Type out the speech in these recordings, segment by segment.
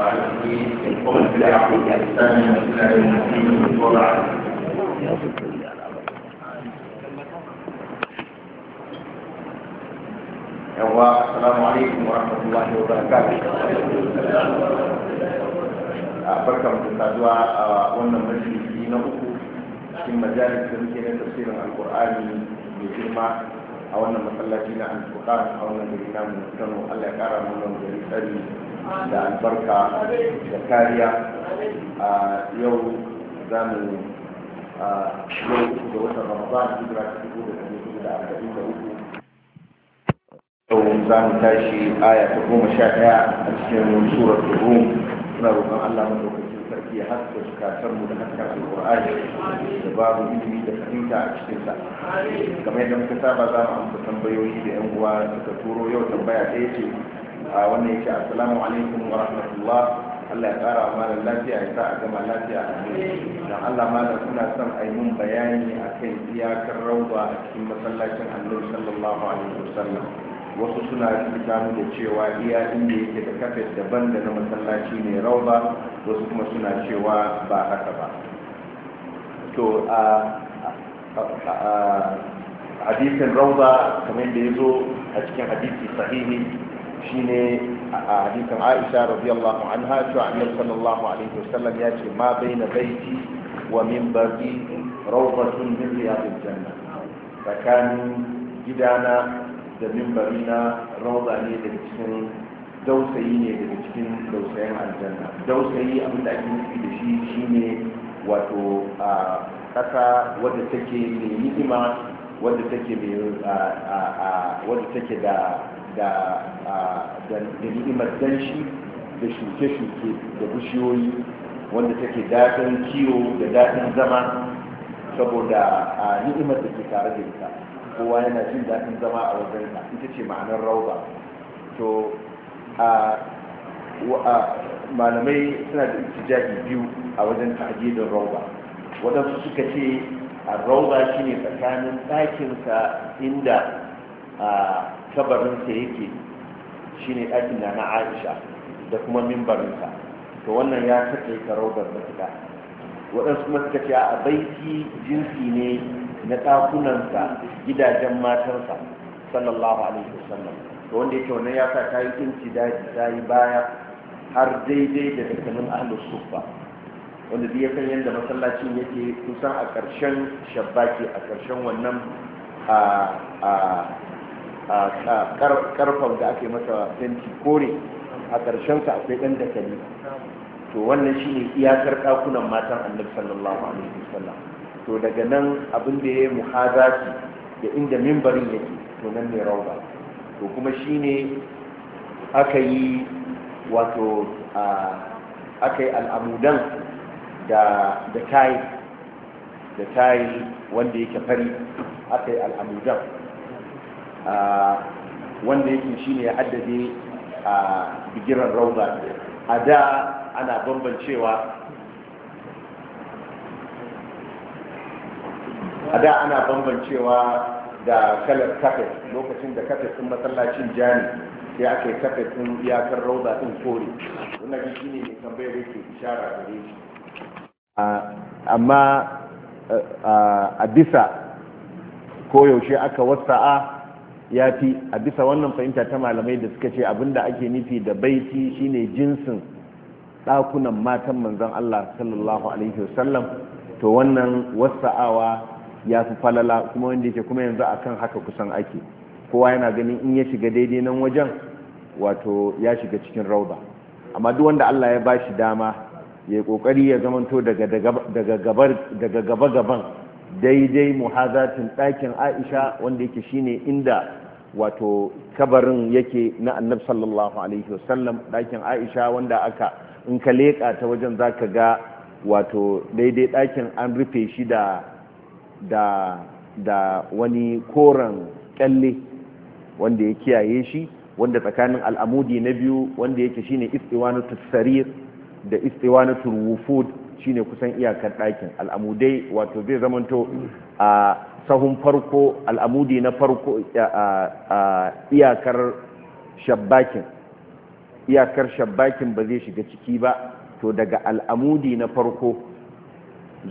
Assalamualaikum warahmatullahi wabarakatuh. Apa ah, kamu tentadua undang ah, majlis di Nauku? Di majlis kemungkinan tersir dengan Al-Quran di firman awal ah, nama Allah jina al-Quran awal nama jina al-Quran Allah karam undang majlis tadi da albarka da kariya a yau za mu yau da watan ramadan hijira ta da dari kuma da arba'in da uku yau za mu tashi aya ta goma sha ɗaya a cikin surar rum suna roƙon allah lokacin sarki ya haska zukatar mu da haska alƙur'ani da babu ilimi da fahimta a cikinsa kamar yadda muka saba za mu amsa tambayoyi da yan uwa suka turo yau tambaya ɗaya ce a wannan yake assalamu alaikum wa rahmatullah Allah ya kara wa malam lafiya ya sa a gama lafiya a dan Allah malam kuna son a yi mun bayani akan iyakar rauba a cikin masallacin Annabi sallallahu alaihi wasallam wasu suna rikita da cewa iya inda yake da kafet daban da na masallaci ne rauba wasu kuma suna cewa ba haka ba to a hadisin rauba kamar da ya zo a cikin hadisi sahihi shine a hadisin Aisha radiyallahu anha cewa Annabi sallallahu alaihi wasallam ya ce ma baina baiti wa minbari min riyadil janna tsakanin gidana da minbari na rawda ne daga cikin dausayi ne daga cikin dausayin aljanna dausayi abin da ake nufi da shi shine wato a ƙasa wadda take mai ni'ima wadda take da da ni'imar danshi da shuke-shuke da bishiyoyi wanda take daɗin kiwo da daɗin zama saboda a ni'imar da ke tare da ita kowa yana jin daɗin zama a wajen ta ita ce ma'anar rauba to malamai suna da ittijahi biyu a wajen ta'adidin rauba waɗansu suka ce a rauba shine tsakanin ɗakinsa inda a kabarinsa yake ne ɗakin na na aisha da kuma mimbarinsa to wannan ya taƙaita da matuƙa waɗansu kuma suka ce a baiki jinsi ne na ɗakunansa gidajen matarsa sallallahu alaihi wasallam to wanda yake wannan ya sa ta yi inci daji ta yi baya har daidai da dukkanin ahlus sufa wanda duk ya san yadda masallacin yake kusan a ƙarshen shabbaki a ƙarshen wannan a a da ake masa fenti kore a ƙarshensa akwai ɗan dakali to wannan shine iyakar ɗakunan matan annabi sallallahu alaihi wasallam to daga nan abin da ya yi muhazati da inda mimbarin yake to nan ne rauba to kuma shine aka yi wato aka yi al'amudan da da tayi da tayi wanda yake fari aka yi al'amudan wanda yake ne ya haddade a bigiran a da ana bambancewa a da ana bambancewa da kalar kafet lokacin da kafet ɗin masallacin jani sai aka yi kafet ɗin iyakar rauda ɗin kore ji shi ne mai tambayar yake ishara da ne amma a bisa koyaushe aka wasa'a ya fi a bisa wannan fahimta ta malamai da suka ce abinda ake nufi da baiti shine jinsin ɗakunan matan manzon Allah sallallahu alaihi wasallam to wannan wasa'awa ya fi falala kuma wanda yake kuma yanzu akan haka kusan ake kowa yana ganin in ya shiga daidai nan wajen wato ya shiga cikin rauda amma duk wanda Allah ya bashi dama ya yi kokari ya zamanto daga daga gaba gaban daidai muhazatin ɗakin aisha wanda yake shine inda wato kabarin yake na annabi sallallahu alaihi wasallam ɗakin aisha wanda aka in ka leƙa ta wajen za ka ga wato daidai ɗakin an rufe shi da da da wani koren ƙyalle wanda ya kiyaye shi wanda tsakanin al'amudi na biyu wanda yake shine istiwanatu sarir da istiwanatu wufud shine kusan iyakar ɗakin al'amudai wato zai zamanto a sahun farko al'amudi na farko iyakar shabbakin ba zai shiga ciki ba to daga al'amudi na farko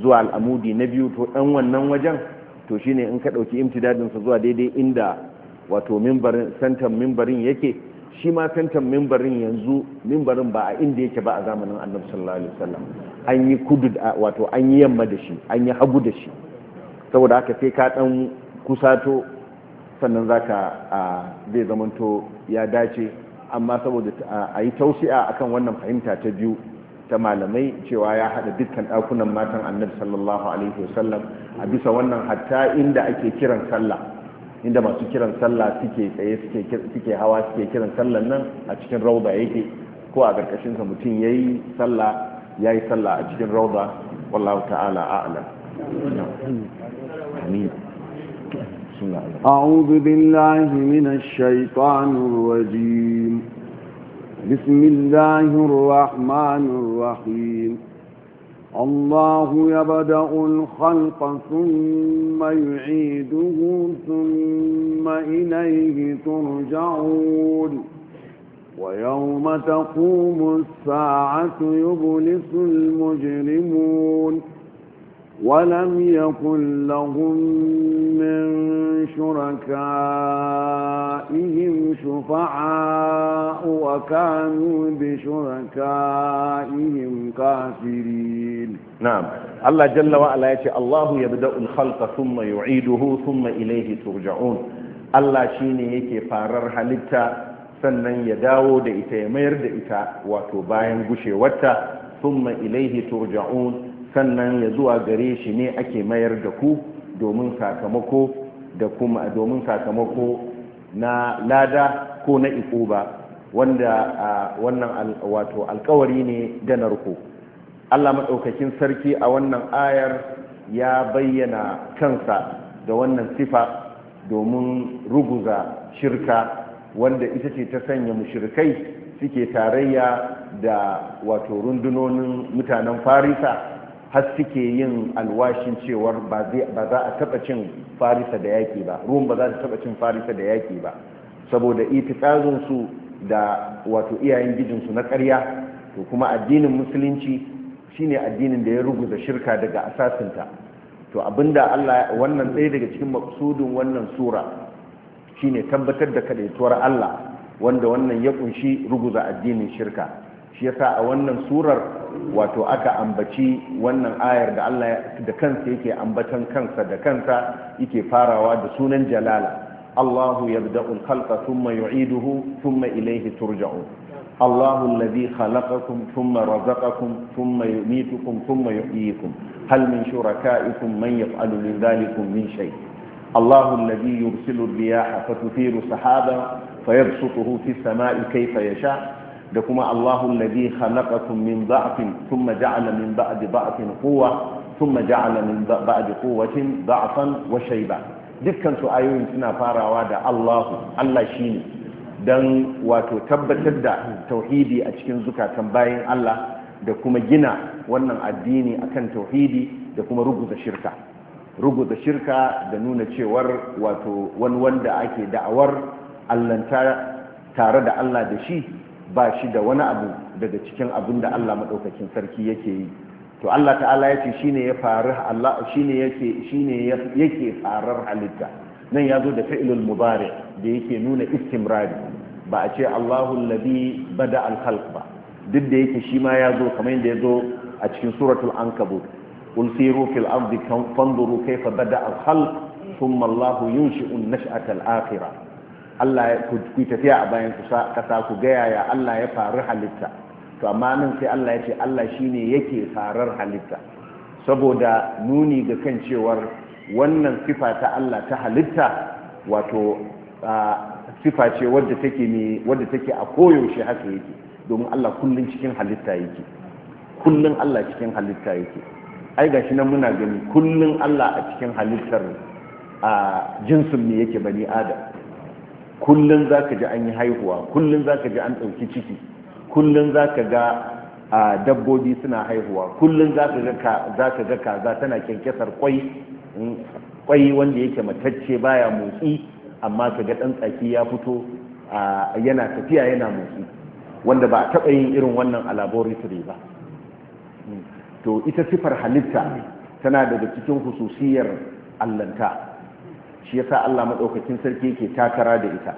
zuwa al'amudi na biyu to ɗan wannan wajen to shine in ka ɗauki imtidadinsa zuwa daidai inda wato mimbarin yake shi ma fentan mimbarin yanzu mimbarin ba a inda yake ba a zamanin annabi sallallahu alaihi wasallam an yi kudu wato an yi yamma da shi an yi hagu da shi saboda haka sai ka dan kusato sannan zaka zai zamanto ya dace amma saboda a yi tausi'a akan wannan fahimta ta biyu ta malamai cewa ya hada dukkan dakunan matan annabi sallallahu alaihi wasallam a bisa wannan hatta inda ake kiran sallah inda masu kiran sallah suke tsaye suke hawa suke kiran sallan nan a cikin rauda yake ko a ƙarƙashinsa mutum ya yi sallah ya yi sallah a cikin rauda wallahu ta'ala a'lam amin أعوذ بالله من الشيطان الرجيم بسم الله الرحمن الرحيم الله يبدأ الخلق ثم يعيده ثم إليه ترجعون ويوم تقوم الساعة يبلس المجرمون ولم يكن لهم من شركائهم شفعاء وكانوا بشركائهم كافرين نعم الله جل وعلا يتي الله يبدأ الخلق ثم يعيده ثم إليه ترجعون الله شيني يكي فارر حلتا sannan ya dawo da ita ya mayar da ita wato bayan gushewarta thumma ilaihi turja'un sannan ya zuwa gare shi ne ake mayar da ku domin sakamako da kuma domin sakamako na lada ko na ikuba wanda wannan wato alkawari ne da narko Allah maɗaukakin sarki a wannan ayar ya bayyana kansa da wannan sifa domin ruguza shirka wanda ita ce ta sanya mushirkai suke tarayya da wato rundunonin mutanen farisa har suke yin alwashin cewar ba za a taɓa cin farisa da yaƙi ba ruwan ba za ta taba cin farisa da yaki ba saboda su da wato iyayen gijinsu na karya to kuma addinin musulunci shine addinin da ya ruguza shirka daga asasinta to abinda Allah wannan ɗaya daga cikin maksudin wannan sura shine tabbatar da kadaituwar Allah wanda wannan ya kunshi ruguza addinin shirka shi yasa a wannan surar wato aka ambaci wannan ayar da Allah da kansa yake ambatan kansa da kansa yake farawa da sunan jalala Allahu yabda'u al-khalqa thumma yu'iduhu thumma ilayhi turja'un Allahu alladhi khalaqakum thumma razaqakum thumma yumitukum thumma yuhyikum hal min shuraka'ikum man yaf'alu min dhalikum min shay Allahu alladhi yursilu ar-riyaha fatuthiru sahaban fayabsutuhu fi as-sama'i kayfa yasha' da kuma Allahu alladhi khalaqakum min dha'fin thumma ja'ala min ba'di dha'fin quwwa thumma ja'ala min ba'di quwwatin dha'fan wa shayba dukkan su ayoyin suna farawa da Allahu Allah shine dan wato tabbatar da tauhidi a cikin zukatan bayan Allah da kuma gina wannan addini akan tauhidi da kuma ruguza shirka ruguza shirka da nuna cewar wato wani wanda ake da'awar allanta tare da Allah da shi ba shi da wani abu daga cikin abin da Allah maɗaukakin sarki yake yi to Allah ta'ala ya ce shine ya faru Allah shine yake shine yake farar halitta nan ya zo da fi'ilul mubari da yake nuna istimrari ba a ce Allahu alladhi bada al-khalq ba duk da yake shi ma ya zo kamar yadda ya zo a cikin suratul ankabut qul siru fil ardi fanzuru kayfa bada al-khalq thumma Allahu yunshi'u an-nash'ata al-akhirah Allah ku tafiya a bayan kasa ku ga yaya Allah ya faru halitta to amma nan sai Allah ya ce Allah shine yake farar halitta saboda nuni ga kan cewar wannan sifa ta Allah ta halitta wato sifa ce wadda take ne wadda take a koyaushe haka yake domin Allah kullun cikin halitta yake kullun Allah cikin halitta yake ai gashi nan muna gani kullun Allah a cikin halittar a jinsin ne yake bani adam kullum za ka ji an yi haihuwa kullum za ka ji an ɗauki ciki kullum za ka ga dabbobi suna haihuwa kullum za ka ga kaza tana kyankyasar kwai mm, kwai wanda yake matacce baya motsi amma ka ga ɗan tsaki ya fito yana tafiya yana motsi wanda ba a taɓa yin irin wannan a laboratory ba mm. to ita siffar halitta tana daga cikin hususiyar allanta shi yasa Allah madaukakin sarki yake takara da ita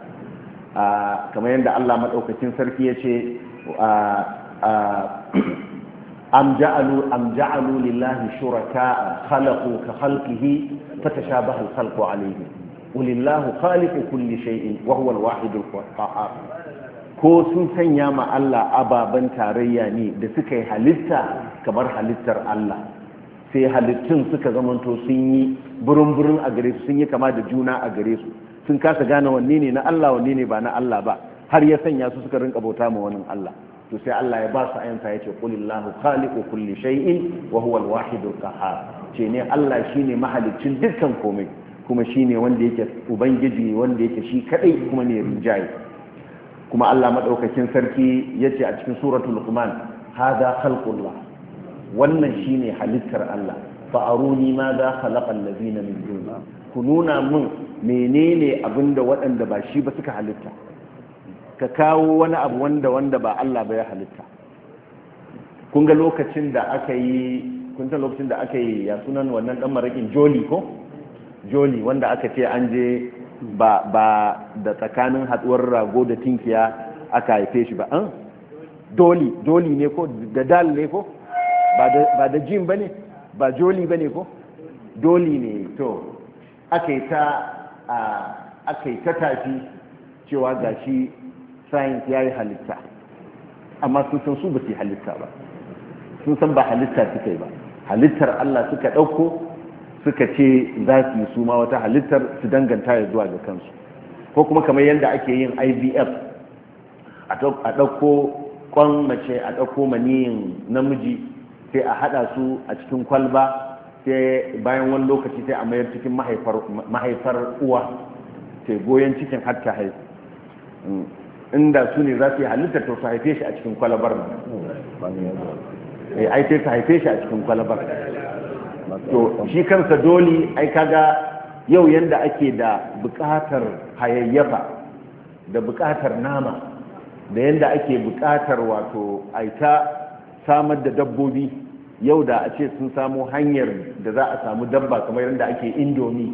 kamar yadda Allah madaukakin sarki yace am ja'alu am ja'alu lillahi shuraka khalaqu ka khalqihi fatashabaha khalqu alayhi ulillahu khaliqu kulli shay'in wa huwa alwahid alqahhar ko sun sanya ma Allah ababan tarayya ne da suka yi halitta kamar halittar Allah sai halittun suka zamanto sun yi burin-burin a gare su sun yi kama da juna a gare su sun kasa gane wanne ne na Allah wanne ne ba na Allah ba har ya sanya su suka rinka bauta ma wani Allah to sai Allah ya ba su ayansa ya ce qulillahu khaliqu kulli shay'in wa huwa al al qahhar ce ne Allah shine mahalicin dukkan komai kuma shine wanda yake ubangiji wanda yake shi kadai kuma ne rinjaye kuma Allah madaukakin sarki yace a cikin suratul luqman hadha khalqullah wannan shine halittar Allah fa'aruni ma za khalaqa allazina min dun ku nuna mun menene abinda waɗanda ba shi ba suka halitta ka kawo wani abu wanda wanda ba Allah ba ya halitta kun ga lokacin da aka yi kun lokacin da aka yi ya sunan wannan dan marakin joli ko joli wanda aka ce an je ba da tsakanin hatsuwar rago da tinkiya aka haife shi ba an doli ne ko da dal ne ko ba da jin ba ne ba joli ba ne ko doli ne to aka yi ta tafi cewa gashi shi science ya yi halitta amma sun san su ba su halitta ba sun san ba halitta suka yi ba halittar allah suka ɗauko suka ce za su yi suma wata halittar su danganta ya zuwa ga kansu ko kuma kamar yadda ake yin ivf a ɗauko kwan mace a ɗauko maniyin namiji sai a hada su a cikin kwalba sai bayan wani lokaci sai a mayar cikin mahaifar uwa sai goyon cikin har ta haihu inda su ne za su yi halittar to su haife shi a cikin kwalabar ne eh, ai sai su haife shi a cikin kwalabar to shi kansa dole ai kaga yau yanda ake da bukatar hayayyafa da bukatar nama da yanda ake bukatar wato aita samar da dabbobi yau da a ce sun samu hanyar da za a samu dabba kamar yadda ake indomi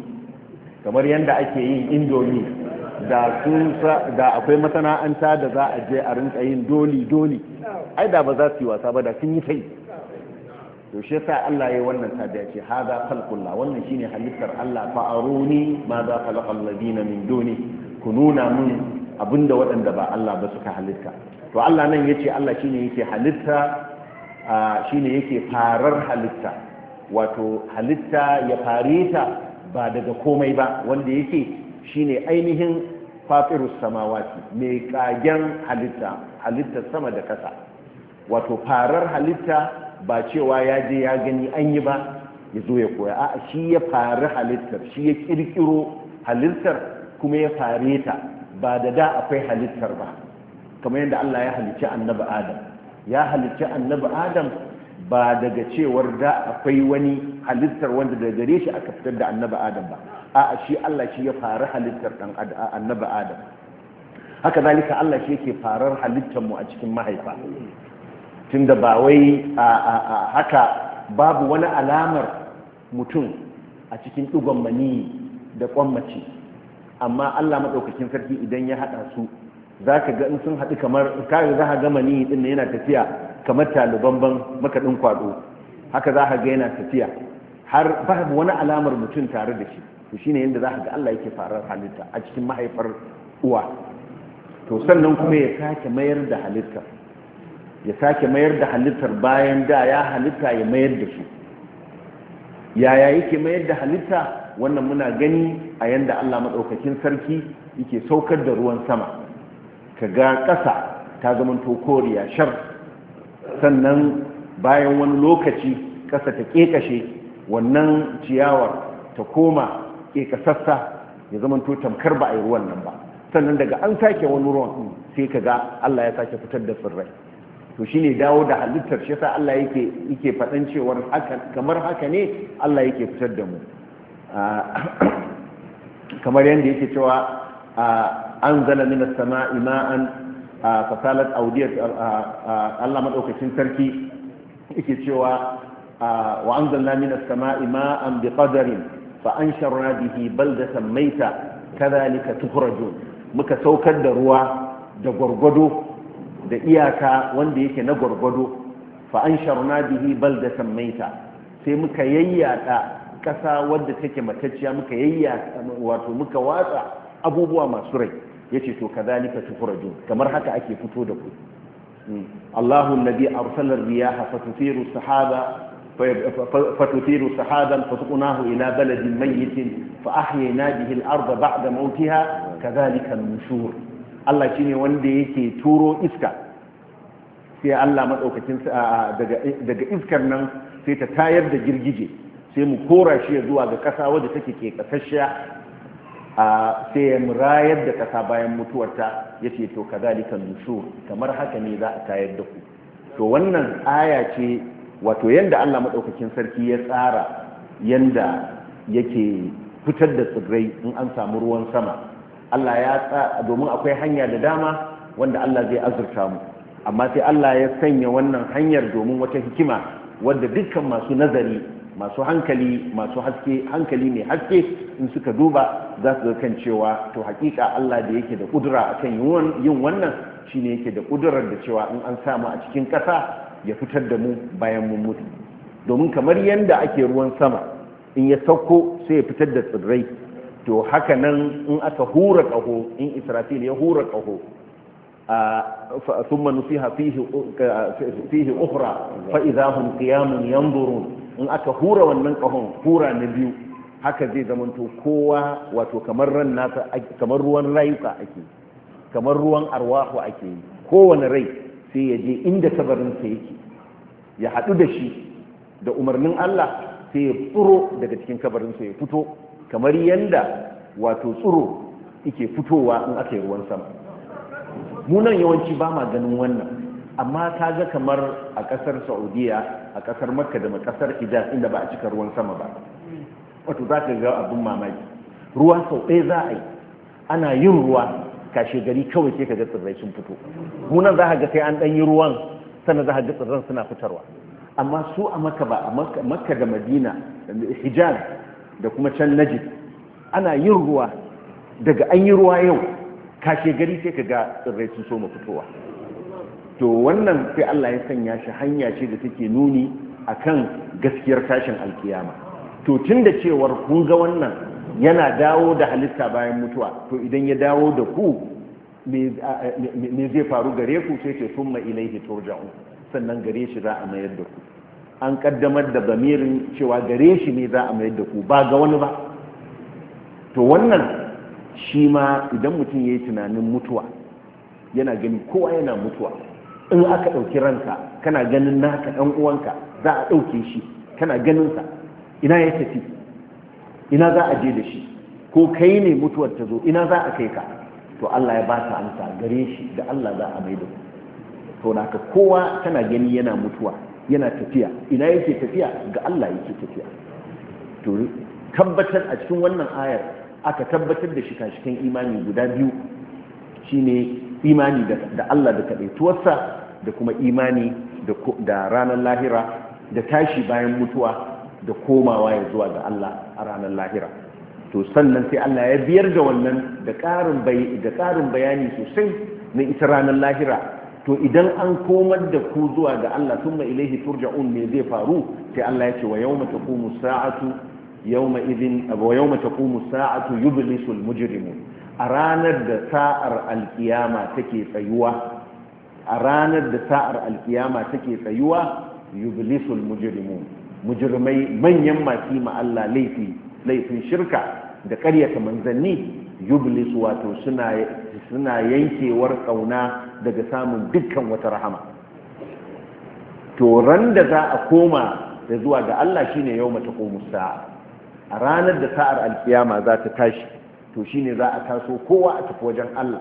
kamar yadda ake yin indomi da sun da akwai masana'anta da za a je a rinka yin doli doli ai da ba za su yi wasa ba da sun yi fai, to shi yasa Allah ya wannan tabiya ce hada khalqullah wannan shine halittar Allah fa aruni ma za khalaqal ladina min duni ku nuna mun abinda waɗanda ba Allah ba suka halitta to Allah nan yace Allah shine yake halitta shi ne yake farar halitta wato halitta ya fare ta ba daga komai ba wanda yake Shi ne ainihin fafirus samawati mai kagen halitta halittar sama da kasa wato farar halitta ba cewa ya je ya gani an yi ba ya zo ya koya a shi ya fari halittar shi ya kirkiro halittar kuma ya fare ta ba da da akwai halittar ba kamar yadda Allah ya halicci annabi Adam ya halitta annabi adam ba daga cewar da akwai wani halittar wanda da gare shi aka fitar da annabi adam ba a shi Allah shi ya fara halittar dan annabi adam haka zalika Allah shi yake farar halittar mu a cikin mahaifa tunda ba wai haka babu wani alamar mutum a cikin dugon mani da kwan amma Allah madaukakin sarki idan ya hada su za ka ga in sun haɗu kamar kare za ka gama ni din yana tafiya kamar taliban ban makaɗin kwaɗo haka za ka ga yana tafiya har babu wani alamar mutum tare da shi to shine yadda za ka ga Allah yake farar halitta a cikin mahaifar uwa to sannan kuma ya sake mayar da halitta ya sake mayar da halittar bayan da ya halitta ya mayar da shi yaya yake mayar da halitta wannan muna gani a yanda Allah madaukakin sarki yake saukar da ruwan sama ka ga ƙasa ta zamanto koriya shar sannan bayan wani lokaci ƙasa ta ƙeƙashe wannan ciyawar ta koma ƙeƙasassa ya zamanto tamkar ba a yi ruwan nan ba sannan daga an sake wani ruwan sai ka ga Allah ya sake fitar da tsirrai to shine dawo da halittar shi sa Allah yake yake faɗan cewar kamar haka ne Allah yake fitar da mu ah, kamar yadda yake cewa ah, anzala min as-sama'i ma'an fasalat Audiyat, Allah madaukakin sarki yake cewa wa anzalna min as-sama'i ma'an biqadarin fa ansharna bihi baldatan mayta kadhalika tukhrajun muka saukar da ruwa da gwargwado da iyaka wanda yake na gwargwado fa ansharna bihi baldatan mayta sai muka yayyada ƙasa wadda take matacciya muka yayya wato muka watsa abubuwa masu rai ya ce to ka zalika kamar haka ake fito da ku hmm. allahun nabi a rusalar riyaha fatutiru sahadan fatukunahu ila baladin mayyitin fa ahye na bihil arda da mautiha ka zalika nushur allah shine wanda yake turo iska sai allah maɗaukakin daga iskar nan sai ta tayar da girgije sai mu kora shi zuwa ga ƙasa wadda take ke ƙasashe a sai ya murayar da ƙasa bayan mutuwarta ya ce to kazalika nusur kamar haka ne za a tayar da ku to wannan aya ce wato yanda Allah madaukakin sarki ya tsara yanda yake fitar da tsirrai in an samu ruwan sama Allah ya tsara domin akwai hanya da dama wanda Allah zai azurta mu amma sai Allah ya sanya wannan hanyar domin wata hikima wadda dukkan masu nazari masu hankali masu haske hankali mai haske in suka duba za su kan cewa to hakika Allah da yake da kudura kan yin wannan shine yake da kudurar da cewa in an samu a cikin ƙasa ya fitar da mu bayan mun mutu domin kamar yadda ake ruwan sama in ya sauko sai ya fitar da tsirrai to haka nan in aka hura ƙaho in israfil ya hura ƙaho ثم نصيح فيه فيه أخرى فإذا هم قيام ينظرون in aka hura wannan kahon hura na biyu haka zai zamanto kowa wato kamar ran nasa kamar ruwan rayuka ake kamar ruwan arwahu ake kowane rai sai ya je inda kabarinsa yake ya haɗu da shi da umarnin Allah sai ya tsuro daga cikin kabarinsa ya fito kamar yanda wato tsuro yake fitowa in aka yi ruwan sama munan yawanci ba ma ganin wannan amma ta ga kamar a ƙasar saudiya a kasar makka da kasar hijaz inda ba a cika ruwan sama ba wato za ka ga abin mamaki ruwa sau ɗaya za a yi ana yin ruwa kashe gari kawai sai ka ga tsirrai sun fito munan za ka ga sai an ɗan yi ruwan sannan za ka ga tsirran suna fitarwa amma su a makka ba a makka da madina hijaz da kuma can najib ana yin ruwa daga an yi ruwa yau kashe gari sai ka ga tsirrai sun so fitowa to wannan sai Allah ya sanya shi hanya ce da take nuni akan gaskiyar tashin alkiyama to tunda cewar kun ga wannan yana dawo da halitta bayan mutuwa to idan ya dawo da ku me zai faru gare ku sai ce summa ilaihi turja'u sannan gare shi za a mayar da ku an kaddamar da bamirin cewa gare shi ne za a mayar da ku ba ga wani ba to wannan shi ma idan mutum ya yi tunanin mutuwa yana gani kowa yana mutuwa in aka ɗauki ranka kana ganin naka ɗan uwanka za a ɗauke shi kana ganinsa ina ya tafi ina za a je da shi ko kai ne mutuwar ta zo ina za a kai ka to Allah ya ba ta amsa gare shi da Allah za a maida to naka kowa kana gani yana mutuwa yana tafiya ina yake tafiya ga Allah yake tafiya to tabbatar a cikin wannan ayar aka tabbatar da shi shikashikan imani guda biyu shine imani da Allah da kaɗaituwarsa da kuma imani da ranar lahira da tashi bayan mutuwa da komawa ya zuwa ga Allah a ranar lahira to sannan sai Allah ya biyar da wannan da ƙarin bayani sosai na ita ranar lahira to idan an komar da ku zuwa ga Allah tun ma ilaihi turja'un ne zai faru sai Allah ya ce wa yau mata sa'atu yau sa'atu yubilisul mujrimun a ranar da sa'ar alkiyama take tsayuwa a ranar da sa'ar alkiyama take tsayuwa yublisul mujrimun manyan masu ma Allah laifin shirka da ƙaryata manzanni yublis wato suna yankewar ƙauna daga samun dukkan wata rahama to da za a koma da zuwa ga Allah shine yau taqumus sa'a a ranar da sa'ar alkiyama za ta tashi to shi ne za a taso kowa a tafi wajen Allah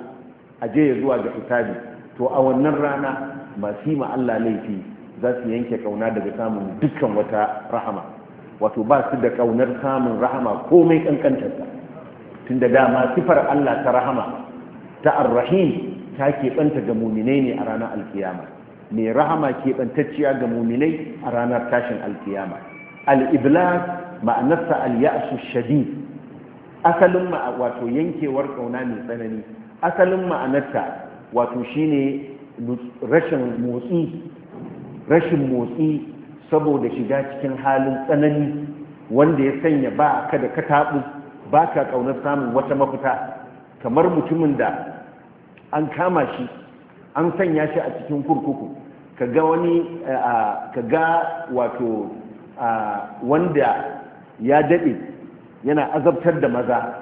a je ya zuwa ga hitabi to a wannan rana masu ma Allah laifi za su yanke kauna daga samun dukkan wata rahama wato ba su da kaunar samun rahama komai kankantarsa tun da dama sifar Allah ta rahama ta arrahim ta keɓanta ga muminai ne a ranar alkiyama mai rahama keɓantacciya ga muminai a ranar tashin alkiyama al-iblas ma'anarsa al-ya'su shadid asalin ma wato yankewar kauna mai tsanani asalin ma'anarta wato shine rashin motsi rashin motsi saboda shiga cikin halin tsanani wanda ya sanya ba ka da kataɓu ba ka ƙaunar samun wata mafita kamar mutumin da an kama shi an sanya shi a cikin kurkuku ka ga wani eh, ka ga wato wanda ya daɗe yana azabtar da maza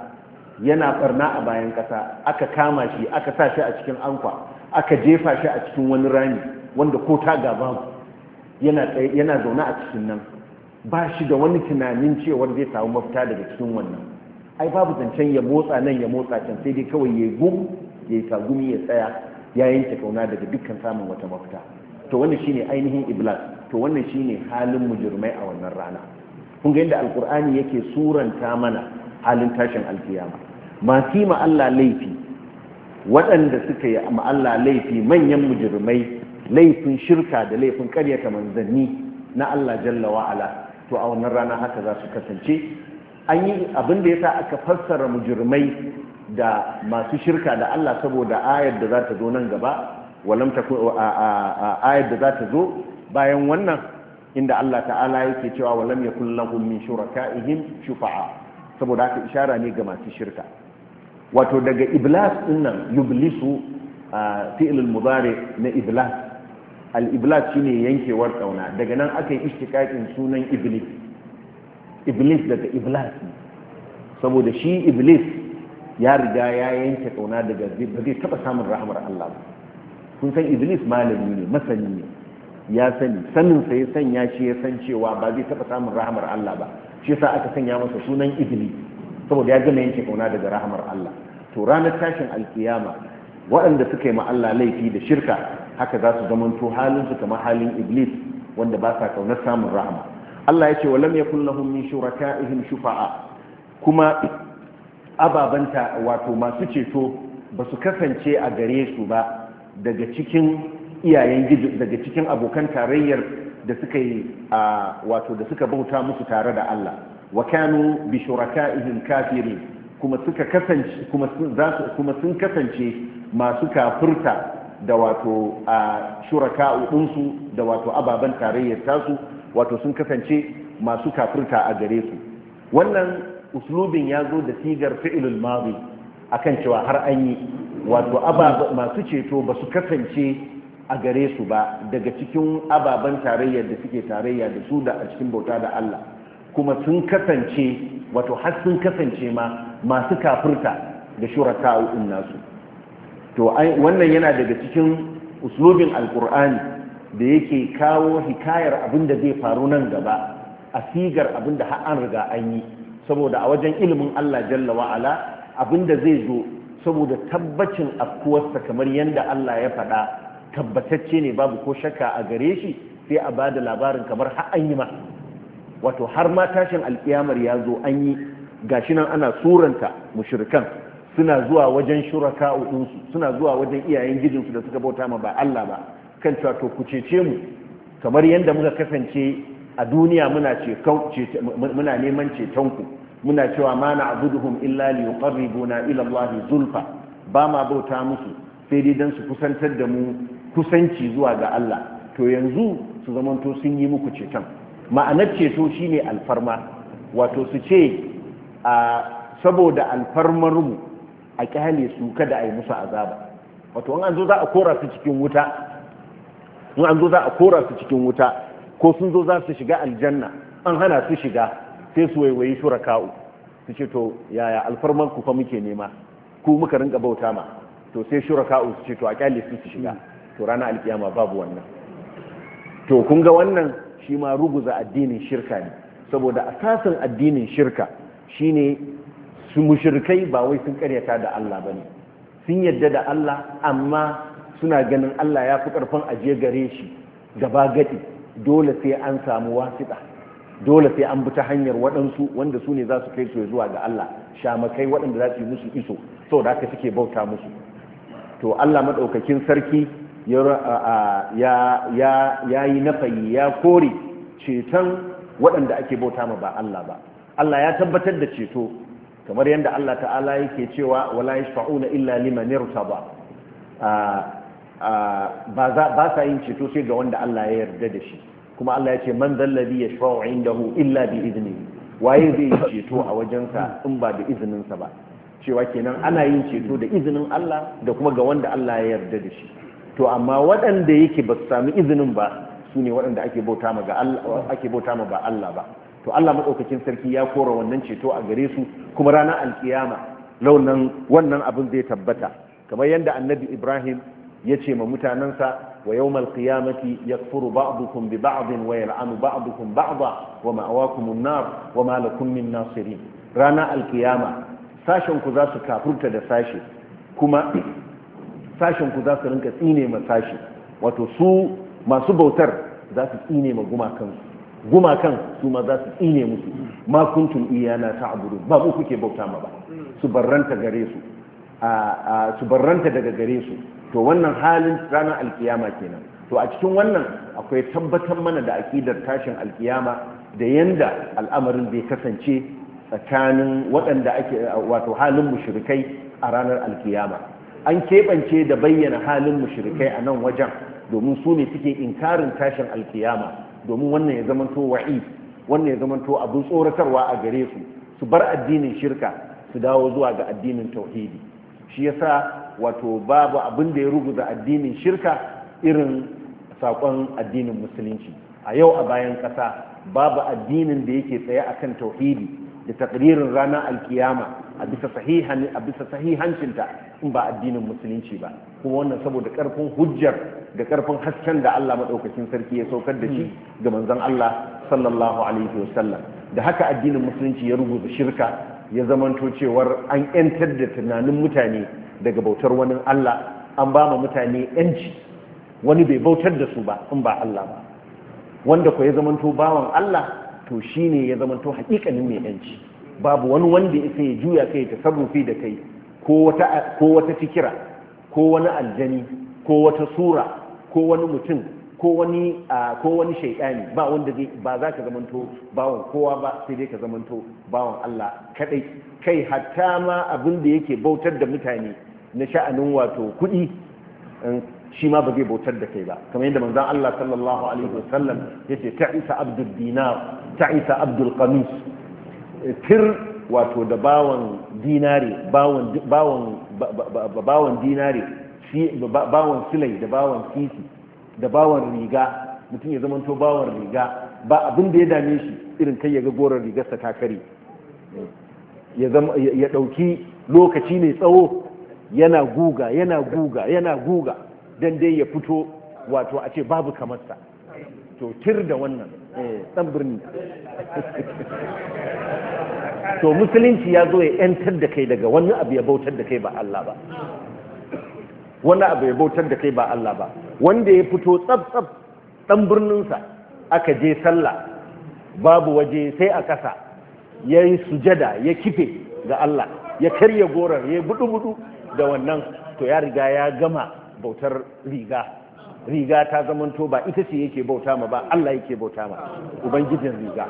yana barna a bayan kasa aka kama shi aka sa shi a cikin ankwa aka jefa shi a cikin wani rami wanda ko ta gaba yana zaune a cikin nan ba shi da wani tunanin cewar zai samu mafita daga cikin wannan ai babu zancen ya motsa nan ya motsa can sai dai kawai ya gum ya yi ya tsaya ya yanke kauna daga dukkan samun wata mafita to wannan shine ainihin iblis to wannan shine halin mujirmai a wannan rana kun ga yadda alkur'ani yake suranta mana halin tashin alkiyama masu yi Allah laifi waɗanda suka yi Allah laifi manyan mujirmai laifin shirka da laifin karyata manzanni na Allah jalla wa'ala to a wannan rana haka za su kasance an yi abin da yasa aka fassara mujirmai da masu shirka da Allah saboda ayar da za ta zo nan gaba walam ta ayar da za ta zo bayan wannan inda Allah ta'ala yake cewa wa lam yakul lahum min shuraka'ihim shufa'a saboda haka ishara ne ga masu shirka wato daga iblas nan yublisu fi'l al-mudari na iblas al-iblas shine yankewar kauna daga nan aka yi ishtiqaqin sunan iblis iblis daga iblas saboda shi iblis ya riga ya yanke kauna daga zai taba samun rahmar Allah kun san iblis malami ne masani ne ya sani sanin sa ya sanya shi ya san cewa ba zai taɓa samun rahamar Allah ba shi yasa aka sanya masa sunan idili saboda ya gama yanke kauna daga rahamar Allah to ranar tashin alkiyama waɗanda suka yi ma Allah laifi da shirka haka za su zamanto halin su kamar halin iblis wanda ba sa kaunar samun rahama Allah ya ce wa yakul lahum min shuraka'ihim shufa'a kuma ababanta wato masu ceto ba su kasance a gare su ba daga cikin iyayen gizo daga cikin abokan tarayyar da suka yi wato da suka bauta musu tare da Allah wa kanu bi shuraka'ihim kafirin kuma suka kasance kuma sun za su kuma sun kasance masu kafirta da wato shuraka'u dinsu da wato ababan tarayyar tasu wato sun kasance masu kafirta a gare su wannan uslubin ya zo da sigar fi'ilul madi akan cewa har an yi wato masu ceto ba su kasance a gare su ba daga cikin ababen tarayyar da suke tarayya da su da a cikin bauta da Allah kuma sun kasance wato har sun kasance ma masu kafirta da shuraka'u'un nasu to wannan yana daga cikin uslubin alkur'ani da yake kawo hikayar abin da zai faru nan gaba a sigar abin da an riga an yi saboda a wajen ilimin Allah jalla wa'ala abin da zai zo saboda tabbacin afkuwarsa kamar yadda Allah ya faɗa tabbatacce ne babu ko shakka a gare shi sai a bada labarin kamar har an yi ma wato har ma tashin alkiyamar ya zo an yi gashi nan ana suranta mushrikan suna zuwa wajen shuraka ɗinsu suna zuwa wajen iyayen gijinsu da suka bauta ma ba Allah ba kan cewa to ku cece mu kamar yadda muka kasance a duniya muna muna neman ku muna cewa ma abuduhum illa yuqarribuna ila Allah zulfa ba ma bauta musu sai dai dan su kusantar da mu kusanci zuwa ga Allah to yanzu su zamanto sun yi muku ceton ma'anar ceto shine alfarma wato su ce a saboda mu a kyale su kada a yi musu azaba wato an zo za a kora su cikin wuta in an zo za a kora su cikin wuta ko sun zo za su shiga aljanna an hana su shiga sai su waiwayi shuraka'u su ce to yaya alfarmar ku fa muke nema ku muka rinka bauta ma to sai shuraka'u su ce to a kyale su su shiga hmm. to rana alkiyama babu wannan to kun ga wannan shi ma ruguza addinin shirka ne saboda asasin addinin shirka shine su mushrikai ba wai sun karyata da Allah bane sun yadda da Allah amma suna ganin Allah ya fi karfin aje gare shi gaba gadi dole sai an samu wasiƙa dole sai an bi ta hanyar waɗansu wanda su ne za su kai su zuwa ga Allah shamakai waɗanda za su yi musu iso saboda haka suke bauta musu to Allah maɗaukakin sarki ya ya yi nafayi ya kore ceton waɗanda ake bauta ma ba Allah ba Allah ya tabbatar da ceto kamar yadda Allah ta'ala yake cewa wala yashfa'una illa liman yartaba ba sa yin ceto sai ga wanda Allah ya yarda da shi kuma Allah ya ce man zallabi ya indahu illa bi izini waye zai yi ceto a wajensa in ba da izininsa ba cewa kenan ana yin ceto da izinin Allah da kuma ga wanda Allah ya yarda da shi to amma waɗanda yake ba su sami izinin ba su ne waɗanda ake bauta ma ba Allah ba to Allah maɗaukakin sarki ya kora wannan ceto a gare su kuma ranar alkiyama launin wannan abin zai tabbata kamar yadda annabi ibrahim ya ce ma mutanensa wa yau malkiyamati ya furu ba'adukun bi ba'adun wa yal'anu ba'adukun ba'ada wa ma'awakumun na wa malakun min nasirin rana alkiyama sashen ku za su kafurta da sashe kuma sashen ku za su rinka tsine ma sashi wato su masu bautar za su tsine ma gumakan gumakan su ma za su tsine musu ma kuntum iyana ta'budu ba mu kuke bauta ma ba su barranta gare su su barranta daga gare su to wannan halin ranar alkiyama kenan to a cikin wannan akwai tabbatar mana da akidar tashin alkiyama da yanda al'amarin bai kasance tsakanin waɗanda ake wato halin mushrikai a ranar alkiyama an keɓance da bayyana halin mushrikai a nan wajen domin su ne suke inkarin tashin alkiyama domin wannan ya zamanto wa'i wannan ya zamanto abin tsoratarwa a gare su su bar addinin shirka su dawo zuwa ga addinin tauhidi shi yasa wato babu abin da ya ruguza addinin shirka irin saƙon addinin musulunci a yau a bayan ƙasa babu addinin da yake tsaye akan tauhidi da takririn ranar alkiyama a bisa sahihancinta in ba addinin musulunci ba kuma wannan saboda karfin hujjar da karfin hasken da Allah maɗaukacin sarki ya saukar da shi hmm. ga manzon Allah sallallahu alaihi wasallam da haka addinin musulunci ya rubuta shirka ya zamanto cewar an yantar da tunanin mutane daga bautar wani Allah an ba ma mutane yanci wani bai bautar da su ba in ba Allah ba wanda ko ya zamanto bawan Allah to shine ya zamanto hakikanin mai yanci babu wani wanda ya ya juya kai ta sarrufi da kai ko wata fikira ko wani aljani ko wata sura ko wani mutum ko wani ko ba wanda zai ba za ka zamanto bawon kowa ba sai dai ka zamanto bawon Allah Kaɗai kai hatta ma abin da yake bautar da mutane na sha'anin wato kuɗi shi ma ba zai bautar da kai ba kamar yadda manzon Allah sallallahu alaihi wasallam yace ta'isa abdul dinar ta'isa abdul qamis tir wato da bawan dinari bawan dinari bawan silai da bawan titi da bawan riga mutum ya zamanto bawan riga ba abin da ya dame shi irin kai ya ga goron rigarsa ta kare ya dauki lokaci mai tsawo yana guga yana guga yana guga don dai ya fito wato a ce babu kamarsa to tir da wannan ɗan eh, birni to musulunci ya zo ya ‘yantar da kai daga wani abu ya bautar da kai ba Allah ba wani abu ya bautar da kai ba Allah ba wanda ya fito tsab-tsab ɗan birninsa aka je sallah babu waje sai a ƙasa ya yi sujada ya kife ga Allah ya karya gorar ya yi budu-budu da wannan to ya riga ya gama bautar riga riga ta zamanto ba ita ce yake bauta ma ba Allah yake bauta ma ubangijin riga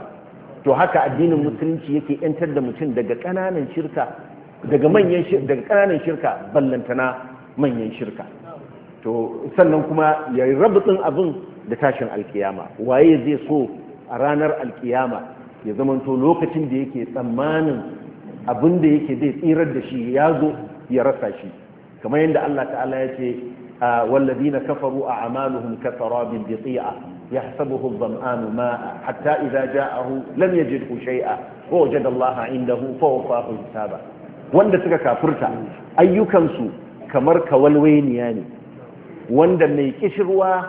to haka addinin musulunci yake yantar da mutum daga kananan shirka daga manyan daga kananan shirka ballantana manyan shirka to sannan kuma ya rabutsin abin da tashin alkiyama waye zai so a ranar alkiyama ya zamanto lokacin da yake tsammanin abin da yake zai tsirar da shi ya zo ya rasa shi kamar yadda Allah ta'ala ya ce a والذين كفروا أعمالهم A بقيعة يحسبه الظمآن ماء حتى إذا جاءه لم يجده شيئا ووجد الله عنده فوفاه حسابا wanda suka kafurta ayyukansu kamar kawalweniya ne wanda mai kishirwa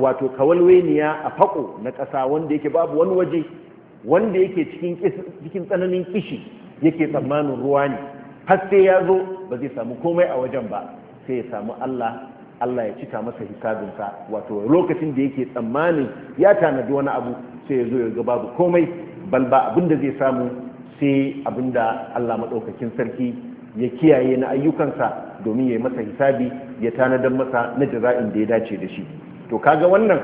wato kawalweniya a fako na ƙasa wanda yake babu wani waje wanda yake cikin tsananin kishi yake tsammanin ruwa ne har sai ya zo ba zai samu komai a wajen ba sai ya samu Allah Allah ya cika masa hisabinsa wato lokacin da yake tsammanin ya tanadi wani abu sai ya zo ya ga babu komai bal ba abin da zai samu sai abin da Allah maɗaukakin sarki ya kiyaye na ayyukansa domin ya yi masa hisabi ya tanadar masa na jaza'in da ya dace da shi to kaga wannan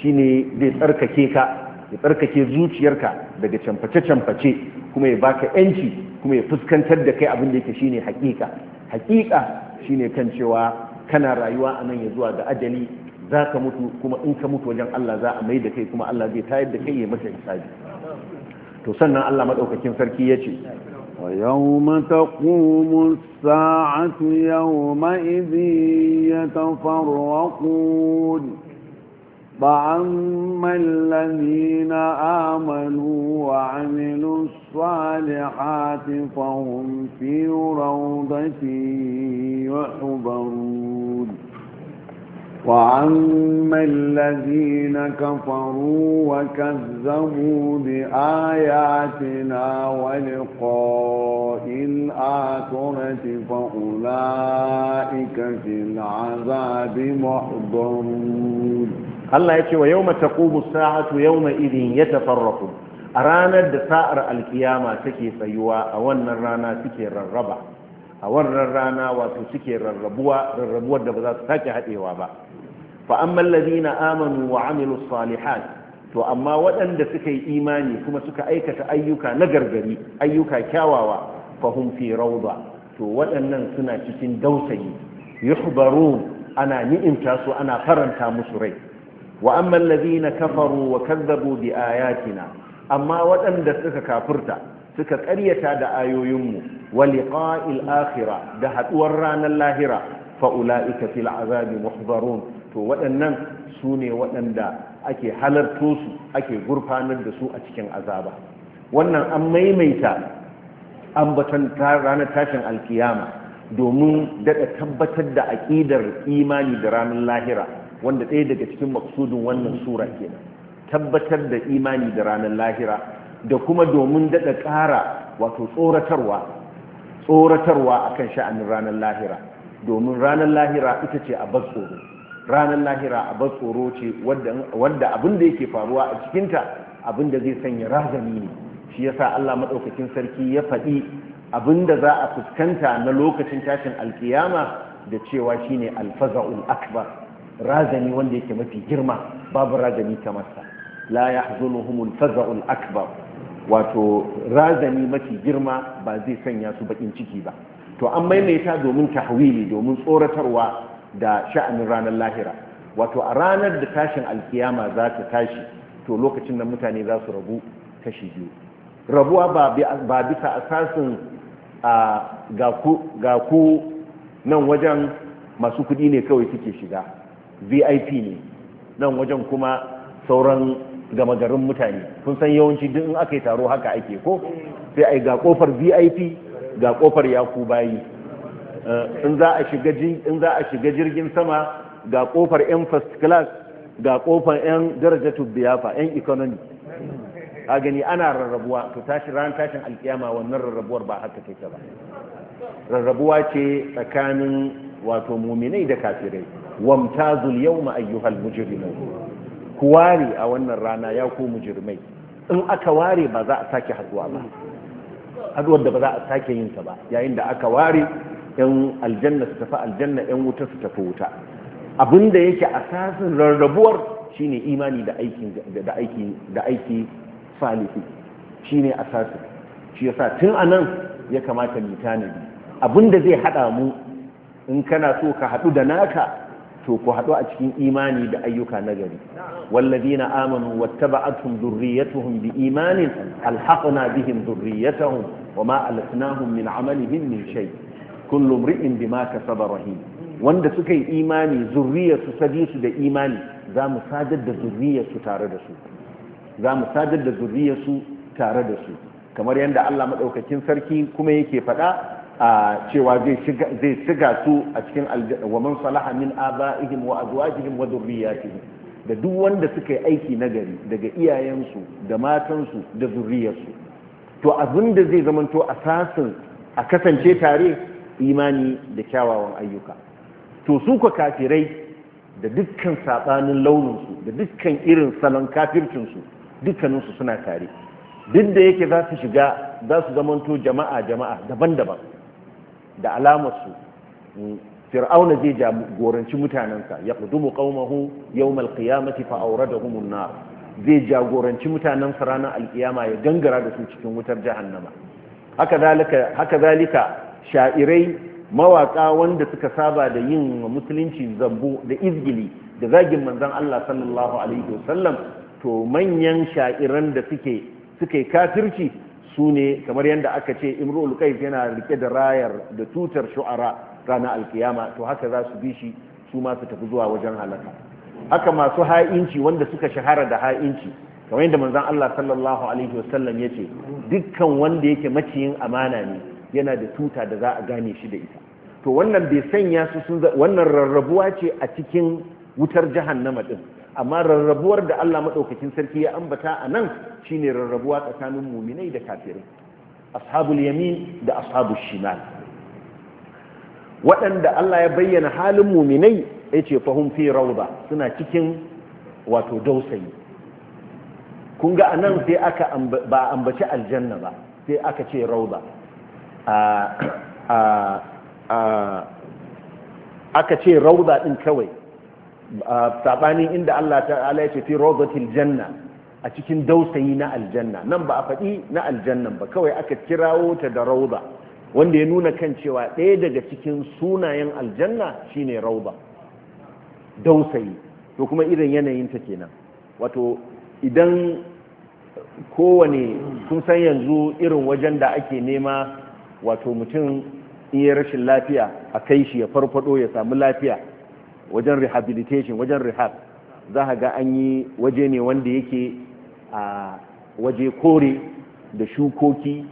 shine zai tsarkake ka ya tsarkake zuciyarka daga camface-camface kuma ya baka yanci kuma ya fuskantar da kai abin da yake shine hakika hakika shine kan cewa kana rayuwa a nan ya zuwa ga ajali za ka mutu kuma in ka mutu wajen Allah za a mai da kai kuma Allah zai tayar da kai ya masa hisabi to sannan Allah madaukakin sarki ya ce wa yawma taqumu as-sa'atu yawma فأما الذين آمنوا وعملوا الصالحات فهم في روضة يحبرون وأما الذين كفروا وكذبوا بآياتنا ولقاء الآخرة فأولئك في العذاب محضرون Allah ya ce wa yawma taqumu sa'atu yawma idin yatafarraqu a ranar da sa'ar alkiyama take tsayuwa a wannan rana suke rarraba a wannan rana wato suke rarrabuwa rarrabuwar da ba za su sake haɗewa ba fa amma alladhina amanu wa amilus salihat to amma waɗanda suka yi imani kuma suka aikata ayyuka na gargari ayyuka kyawawa fahum fi rauda to waɗannan suna cikin dausayi yuhbaru ana ni'imta su ana faranta musu rai wa amma allazina kafaru wa kazzabu bi ayatina amma waɗanda suka kafurta suka ƙaryata da ayoyinmu wa liqa'il akhirah da haɗuwar ranar lahira fa'ula ulaika fil azabi muhdharun to waɗannan sune waɗanda ake halarto su ake gurfanar da su a cikin azaba wannan an maimaita ambaton ranar tashin alkiyama domin daɗa tabbatar da aƙidar imani da ranar lahira wanda ɗaya daga cikin maksudin wannan sura ke tabbatar da imani da ranar lahira da kuma domin daɗa ƙara wato tsoratarwa tsoratarwa kan sha'anin ranar lahira domin ranar lahira ita ce a bar tsoro ranar lahira a bar tsoro ce wadda abin da yake faruwa a cikinta abin da zai sanya razani ne shi ya sa Allah maɗaukakin sarki ya faɗi abin da za a fuskanta na lokacin tashin alkiyama da cewa shine alfaza'ul akbar razani wanda yake mafi girma babu razani kamar sa la yahzunuhumul faza'ul akbar wato razani mafi girma ba zai sanya su bakin ciki ba to an maimaita domin tahwili domin tsoratarwa da sha'anin ranar lahira wato a ranar da tashin alkiyama za ta tashi to lokacin da mutane za su rabu kashi biyu rabuwa ba bisa asasin ga ku nan wajen masu kudi ne kawai suke shiga vip ne nan wajen kuma sauran gama garin mutane kun san yawanci duk in aka yi taro haka ake ko sai ai ga kofar vip ga kofar yaku bayi eh, in za a shiga jirgin sama ga kofar yan first class ga kofar yan darajatu biyafa yan economy a gani ana rarrabuwa to tashi ran tashin alkiyama wannan rarrabuwar ba haka take ba rarrabuwa ce tsakanin wato muminai da kafirai wamtazul yau ma'ayyuhal mujrimun ku ware a wannan rana ya ku mujrimai in aka ware ba za a sake haduwa ba haduwar da ba za a sake yin ta ba yayin da aka ware yan aljanna su tafi aljanna yan wuta su tafi wuta abinda yake asasin rarrabuwar shine imani da aiki da shine asasin shi yasa tun anan ya kamata mu tanadi abinda zai hada mu in kana so ka hadu da naka to ku haɗu a cikin imani da ayyuka na gari wallazina amanu wattaba'atuhum dhurriyyatuhum imanin alhaqna bihim dhurriyyatahum wama alatnahum min amalihim min shay kullu imri'in bima kasaba rahim wanda suka yi imani zurriyarsu sadi da imani za mu sadar da zurriyarsu tare da su za mu sadar da zurriyarsu tare da su kamar yadda Allah madaukakin sarki kuma yake faɗa a cewa zai shiga su a cikin aljanna wa man salaha min aba'ihim wa azwajihim wa dhurriyyatihim da duk wanda suka yi aiki nagari daga iyayensu da matansu da zurriyarsu to abin da zai zamanto asasin a kasance tare imani da kyawawan ayyuka to su ka kafirai da dukkan sabanin launinsu da dukkan irin salon kafircinsu dukkaninsu suna tare duk da yake za su shiga za su zamanto jama'a jama'a daban-daban da alamarsu fir'auna zai jagoranci mutanensa ya kudumu qaumahu yau alqiyamati fa awradahum an-nar zai jagoranci mutanensa ranar alkiyama ya gangara da su cikin wutar jahannama haka zalika sha'irai mawaka wanda suka saba da yin musulunci zambo da izgili da zagin manzon Allah sallallahu alaihi wasallam to manyan sha'iran da suke suke kafirci su ne kamar yadda aka ce imrul qais yana rike da rayar da tutar shu'ara ranar alkiyama to haka za su bi shi su ma su tafi zuwa wajen halaka haka masu ha'inci wanda suka shahara da ha'inci kamar yadda manzon Allah sallallahu alaihi wasallam yace dukkan wanda yake maciyin amana ne yana da tuta da za a gane shi da ita to wannan bai sanya su sun wannan rarrabuwa ce a cikin wutar jahannama din amma rarrabuwar da Allah madaukakin sarki ya ambata a nan shine rarrabuwa tsakanin muminai da kafirai ashabul yamin da ashabul shimal waɗanda Allah ya bayyana halin muminai yace ce fahim fi rauda suna cikin wato dausayi kun ga anan sai aka ba ambaci aljanna ba sai aka ce rauda aka ce rauda din kawai sabanin inda Allah ta'ala ya ce fi rawdatil janna a cikin dausayi na aljanna nan ba a faɗi na aljannan ba kawai aka kirawo ta da rauba wanda ya nuna kan cewa ɗaya daga cikin sunayen aljanna shine rauba dausayi to kuma irin yanayin ta kenan wato idan kowane kun san yanzu irin wajen da ake nema wato mutum in ya rashin lafiya a kai shi ya farfado ya samu lafiya wajen rehabilitation wajen rehab za a ga an yi waje ne wanda yake a waje kore da shukoki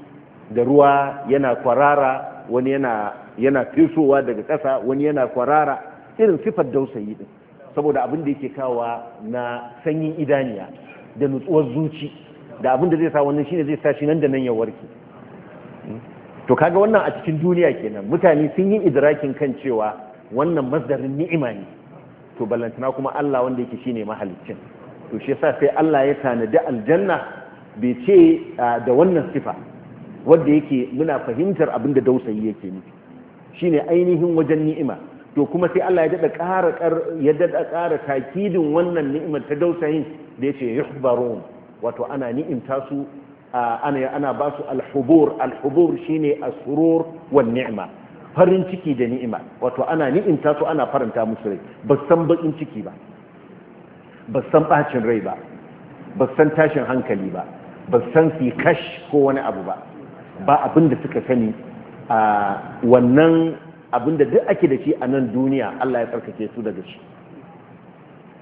da ruwa yana kwarara wani yana fesowa daga ƙasa wani yana kwarara irin sifar dausayi din saboda abin da yake kawa na sanyin idaniya da nutsuwar zuci da abin da zai sa wannan shine zai sa shi nan da nan ya warke to kaga wannan a cikin duniya kenan mutane sun yi idrakin kan cewa wannan masdarin ni'ima ne to ballantana kuma Allah wanda yake shine mahaliccin to shi yasa sai Allah ya tanadi aljanna bai ce da wannan sifa wanda yake muna fahimtar abin da dausayi yake nufi shine ainihin wajen ni'ima to kuma sai Allah ya dada ƙara ya dada ƙara takidin wannan ni'imar ta dausayin da yace yuhbarun wato ana ni'imta su ana ana ba su alhubur alhubur shine asrur wan ni'ma farin ciki da ni'ima wato ana ni'imta su ana faranta musu rai ba san bakin ciki ba ba san bacin rai ba ba san tashin hankali ba ba san fi kash ko wani abu ba ba abin da suka sani a wannan abin da duk ake da shi a nan duniya Allah ya tsarkake su daga shi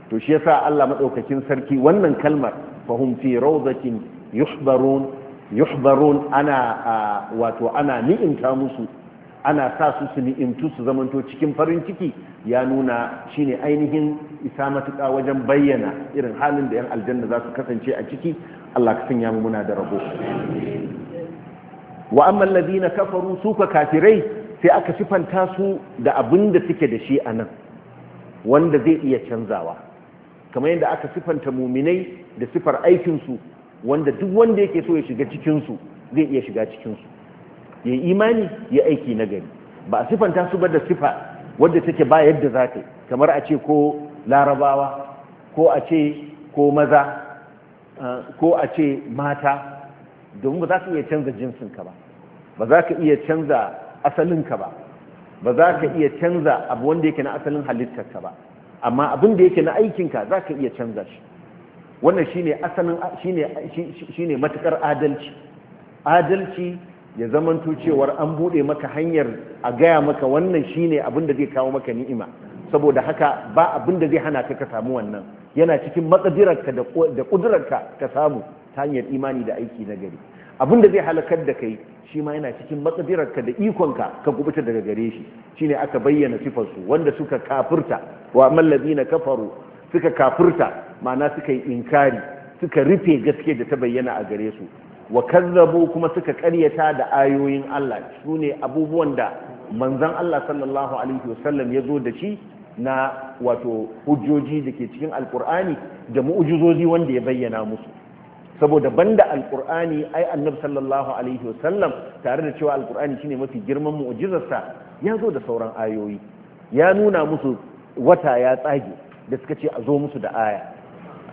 to shi yasa Allah madaukakin sarki wannan kalmar fahum fi rawdatin yuhbarun yuhbarun ana wato ana ni'imta musu ana sa su su ni'imtu su zamanto cikin farin ciki ya nuna shine ainihin isa matuƙa wajen bayyana irin halin da 'yan aljanna za su kasance a ciki Allah ka sanya mu muna da rabo wa amma alladhina kafaru suka kafirai sai aka sifanta su da abin da suke da shi a nan wanda zai iya canzawa kamar yadda aka sifanta muminai da sifar aikinsu wanda duk wanda yake so ya shiga cikinsu zai iya shiga cikinsu ya imani ya aiki na gari ba a sifanta su ba da sifa wadda take ba yadda za ta kamar a ce ko larabawa ko a ce ko maza ko a ce mata domin ba za ka iya canza jinsinka ba ba za ka iya canza asalinka ba ba za ka iya canza abu wanda yake na asalin halittarka ba amma abin da yake na aikinka za ka iya canza shi wannan shine ne matukar adalci adalci ya zamanto cewar an bude maka hanyar a gaya maka wannan shine abin da zai kawo maka ni'ima saboda haka ba abin da zai hana ka ka samu wannan yana cikin matsadirarka da kudurarka ka samu ta hanyar imani da aiki na gari abin da zai halakar da kai shi ma yana cikin matsadirarka da ikonka ka gubuta daga gare shi shine aka bayyana sifarsu wanda suka kafurta wa na kafaru suka kafurta ma'ana suka yi inkari suka rufe gaske da ta bayyana a gare su wa kazzabu kuma suka karyata da ayoyin Allah su ne abubuwan da manzon Allah sallallahu alaihi wasallam ya zo da shi na wato hujjoji da ke cikin alkur'ani da mu'ujizozi wanda ya bayyana musu saboda banda alkur'ani ai annabi sallallahu alaihi wasallam tare da cewa alkur'ani shine mafi girman mu'jizarsa ya zo da sauran ayoyi ya nuna musu wata ya tsage da suka ce a zo musu da aya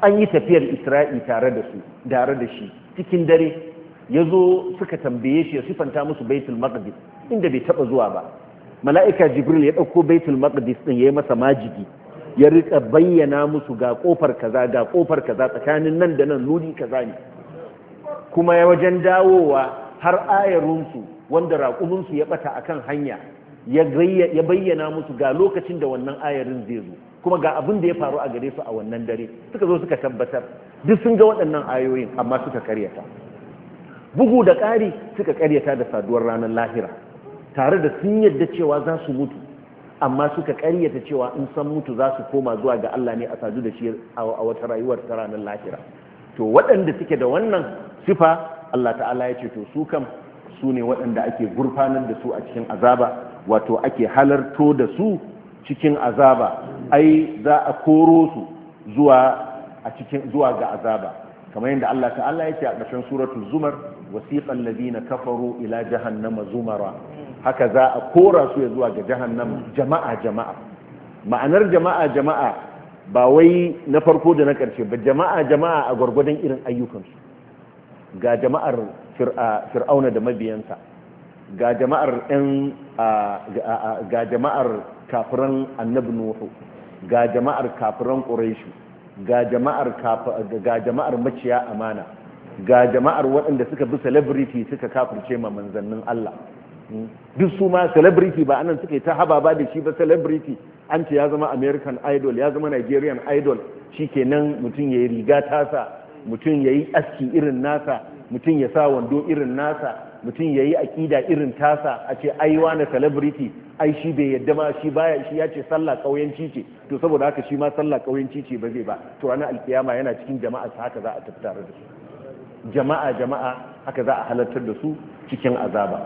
an yi tafiyar isra'i tare da su tare da shi cikin dare ya zo suka tambaye shi ya sifanta musu baitul maqdis inda bai taba zuwa ba mala'ika jibril ya ɗauko baitul maqdis din yayi masa majigi ya rika bayyana musu ga kofar kaza ga kofar kaza tsakanin nan da nan nuni kaza ne kuma ya wajen dawowa har su wanda raƙuminsu ya bata akan hanya ya bayyana musu ga lokacin da wannan ayarin zai zo kuma ga abin da ya faru a gare su a wannan dare suka zo suka tabbatar duk sun ga waɗannan ayoyin amma suka karyata bugu da ƙari suka karyata da saduwar ranar lahira tare da sun yadda cewa za su mutu amma suka karyata cewa in san mutu za su koma zuwa ga Allah ne a sadu da shi a wata rayuwar ta ranar lahira to waɗanda suke da wannan sifa Allah ta'ala ya ce to su kam su ne waɗanda ake gurfanar da su a cikin azaba wato ake halarto da su cikin azaba ai za a koro su zuwa a cikin zuwa ga azaba kamar yadda Allah ta'ala yake a ƙarshen suratul zumar wasiqal ladina kafaru ila jahannama zumara haka za a kora su ya zuwa ga jahannama jama'a jama'a ma'anar jama'a jama'a ba wai na farko da na ƙarshe ba jama'a jama'a a gwargwadon irin ayyukansu ga jama'ar fir'auna da mabiyansa ga jama'ar 'yan ga jama'ar kafiran annabi nuhu ga jama'ar kafiran quraishu ga jama'ar ga jama'ar maciya amana ga jama'ar waɗanda suka bi celebrity suka kafirce ma manzannin Allah hmm? duk su ma celebrity ba anan suka ta haba ba da shi ba celebrity an ce ya zama American idol ya zama Nigerian idol shikenan mutum yayi riga tasa mutum yayi aski irin nasa mutum ya sa wando irin nasa mutum ya yayi aƙida irin tasa a ce ai na celebrity ai shi bai yadda ma shi baya shi ya ce sallah ƙauyen ce to saboda haka shi ma sallah ƙauyen ce ba zai ba to ranar alkiyama yana cikin jama'a haka za a tattara da su jama'a jama'a haka za a halartar da su cikin azaba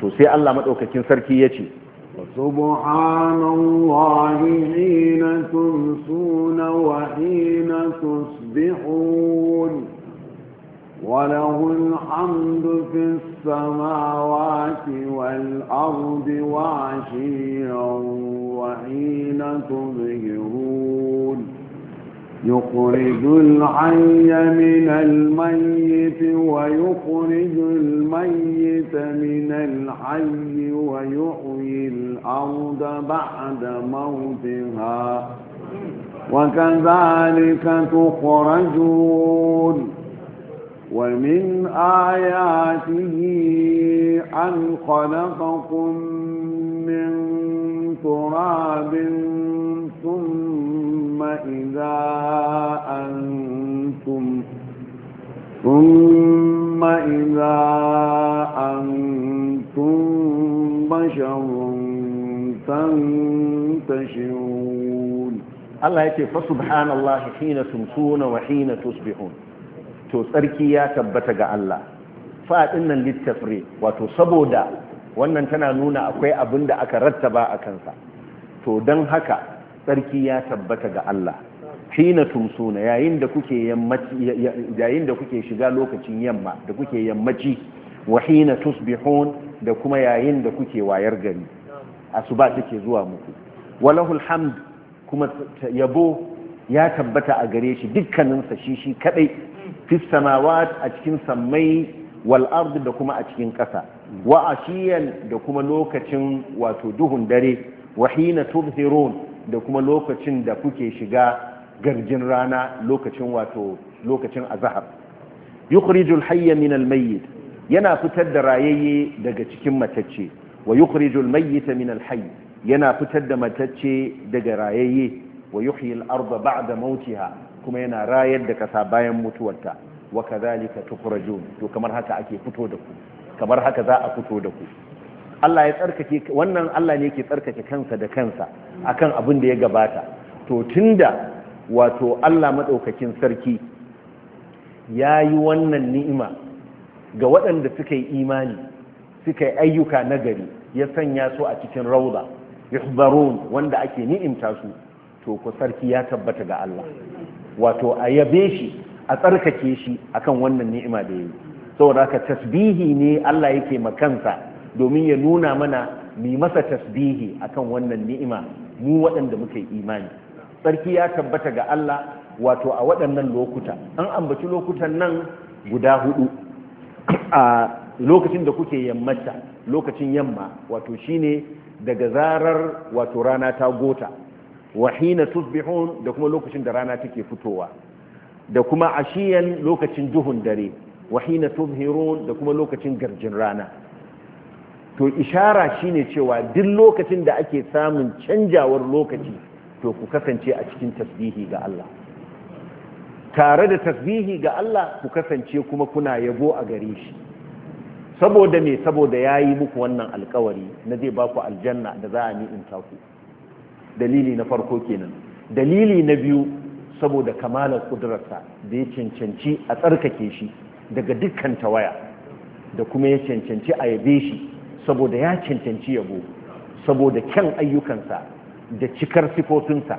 to sai Allah maɗaukakin sarki ya ce سبحان الله حين وحين تصبحون وله الحمد في السماوات والأرض وعشيا وحين تظهرون يخرج الحي من الميت ويخرج الميت من الحي ويحيي الأرض بعد موتها وكذلك تخرجون ومن آياته أن خلقكم من تراب ثم إذا أنتم ثم إذا أنتم بشر تنتشرون الله يكفى فسبحان الله حين تمسون وحين تصبحون to tsarki ya tabbata ga Allah fa'adin nan littafri wato saboda wannan tana nuna akwai abin da aka rattaba a kansa to don haka tsarki ya tabbata ga Allah hina tumsuna yayin da kuke shiga lokacin yamma da kuke yammaci wa na tusbihun da kuma yayin da kuke wayar gari asuba take zuwa muku walahul hamd kuma yabo ya tabbata a gare shi dukkaninsa shi shi kadai fi a cikin sammai wal ard da kuma a cikin ƙasa wa ashiyan da kuma lokacin wato duhun dare wa hina tubhirun da kuma lokacin da kuke shiga garjin rana lokacin wato lokacin azhar yukhrijul hayya min al mayyit yana fitar da rayayye daga cikin matacce wa yukhrijul mayyita min al hayy yana fitar da matacce daga rayayye wa yuhyi al-ardha ba'da mautiha kuma yana rayar da kasa bayan mutuwarta wa kadhalika tukhrajun to kamar haka ake fito da ku kamar haka za a fito da ku Allah ya tsarkake wannan Allah ne yake tsarkake kansa da kansa akan abin da ya gabata to tunda wato Allah madaukakin sarki yayi wannan ni'ima ga waɗanda suka yi imani suka yi ayyuka nagari ya sanya su a cikin rauda yuhbarun wanda ake ni'imta su to ku sarki ya tabbata ga Allah wato a yabe shi a tsarkake shi akan wannan ni'ima da yayi saboda haka tasbihi ne Allah yake makansa domin ya nuna mana mu masa tasbihi akan wannan ni'ima mu waɗanda muke imani sarki ya tabbata ga Allah wato a waɗannan lokuta an ambaci lokutan nan guda hudu a lokacin da kuke yammata lokacin yamma wato shine daga zarar wato rana ta gota wahina tusbihun da kuma lokacin da rana take fitowa da kuma ashiyan lokacin duhun dare wahina tuzhirun da kuma lokacin garjin rana to ishara shine cewa duk lokacin da ake samun canjawar lokaci to ku kasance a cikin tasbihi ga Allah tare da tasbihi ga Allah ku kasance kuma kuna yabo a gare shi saboda me saboda yayi muku wannan alkawari na zai baku aljanna da za a ni'in ku dalili na farko kenan dalili na biyu saboda kamalar kudurarsa da ya cancanci a tsarkake shi daga dukkan tawaya da kuma ya cancanci a yabe shi saboda ya cancanci yabo saboda kyan ayyukansa da cikar sifofinsa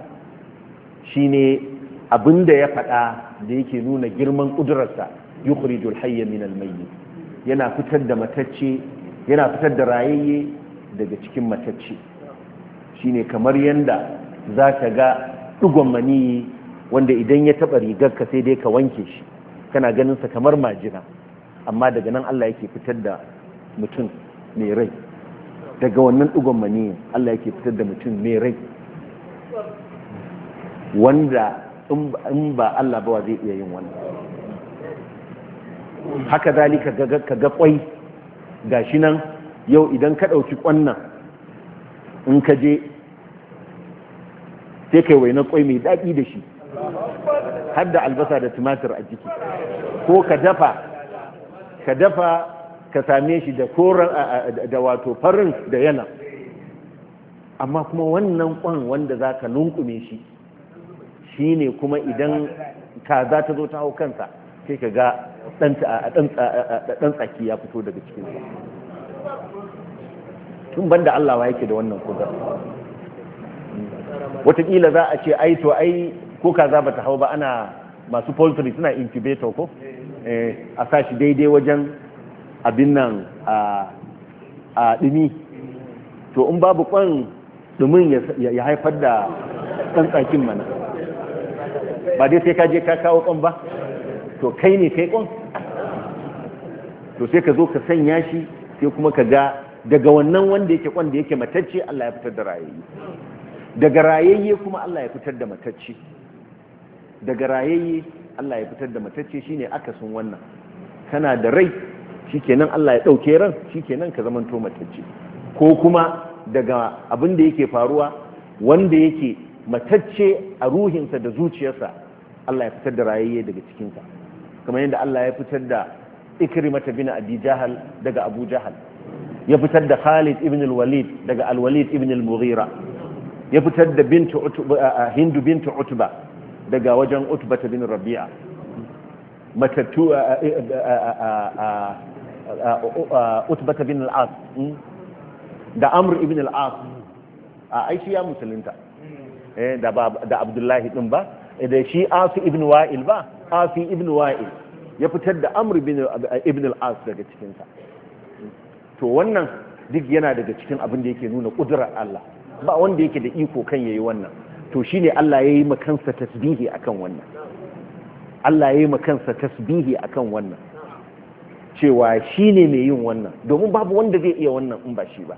shine abin da ya faɗa da yake nuna girman ƙudurarsa yukhrijul hayya min almayyit yana fitar da matacce yana fitar da rayayye daga cikin matacce shine kamar yadda za ka ga ɗugon maniyi wanda idan ya taɓa rigar ka sai dai ka wanke shi kana ganin sa kamar majina amma daga nan Allah yake fitar da mutum mai rai daga wannan ɗugon mani Allah yake fitar da mutum mai rai wanda in ba Allah ba zai iya yin wannan haka zalika ka ga kwai gashi nan yau idan ka ɗauki kwannan in ka je sai kai waina kwai mai daɗi da shi har da albasa da tumatir a jiki ko ka dafa ka dafa ka same shi da koren da wato farin da yana amma kuma wannan kwan wanda za ka nunkume shi shi ne kuma idan kaza ta zo ta hau kansa sai ka ga ɗan tsaki ya fito daga cikin tun banda allawa yake da wannan kudar Wataƙila za a ce ai to ai ko kaza bata hau ba ana masu poultry suna incubator ko eh, a sashi daidai wajen abin nan a dumi to in babu kwan dumin ya haifar da tsantsakin mana ba dai sai ka je ka kawo kwan ba to kai ne kai kwan to sai ka zo ka sanya shi sai kuma ka ga daga wannan wanda yake kwan da yake matacce Allah ya fitar da rayayyu daga rayayye kuma Allah ya fitar da matacce daga rayayye Allah ya fitar da matacce shine akasin wannan kana da rai shikenan Allah ya dauke ran shikenan ka zaman to matacce ko kuma daga abin da yake faruwa wanda yake matacce a ruhinsa da zuciyarsa Allah ya fitar da rayayye daga cikinsa kamar yadda Allah ya fitar da ikrimata bin abi jahal daga abu jahal ya fitar da khalid ibn al-walid daga al-walid ibn al-mughira ya fitar da hindu bintu utuba daga wajen utuba ta bin rabi'a matattu utuba ta bin al'as hmm? da amur ibn al'as a aishi ya musulunta eh, da abdullahi din ba eh, da shi asu ibn wa'il ba asu ibn wa'il ya fitar da amur ibn al'as daga cikinsa to wannan duk yana daga cikin abin da yake nuna ƙudurar Allah ba wanda yake da iko kan yayi wannan to shine Allah yayi kansa tasbihi akan wannan Allah yayi kansa tasbihi akan wannan cewa shine mai yin wannan domin babu wanda zai iya wannan in ba shi ba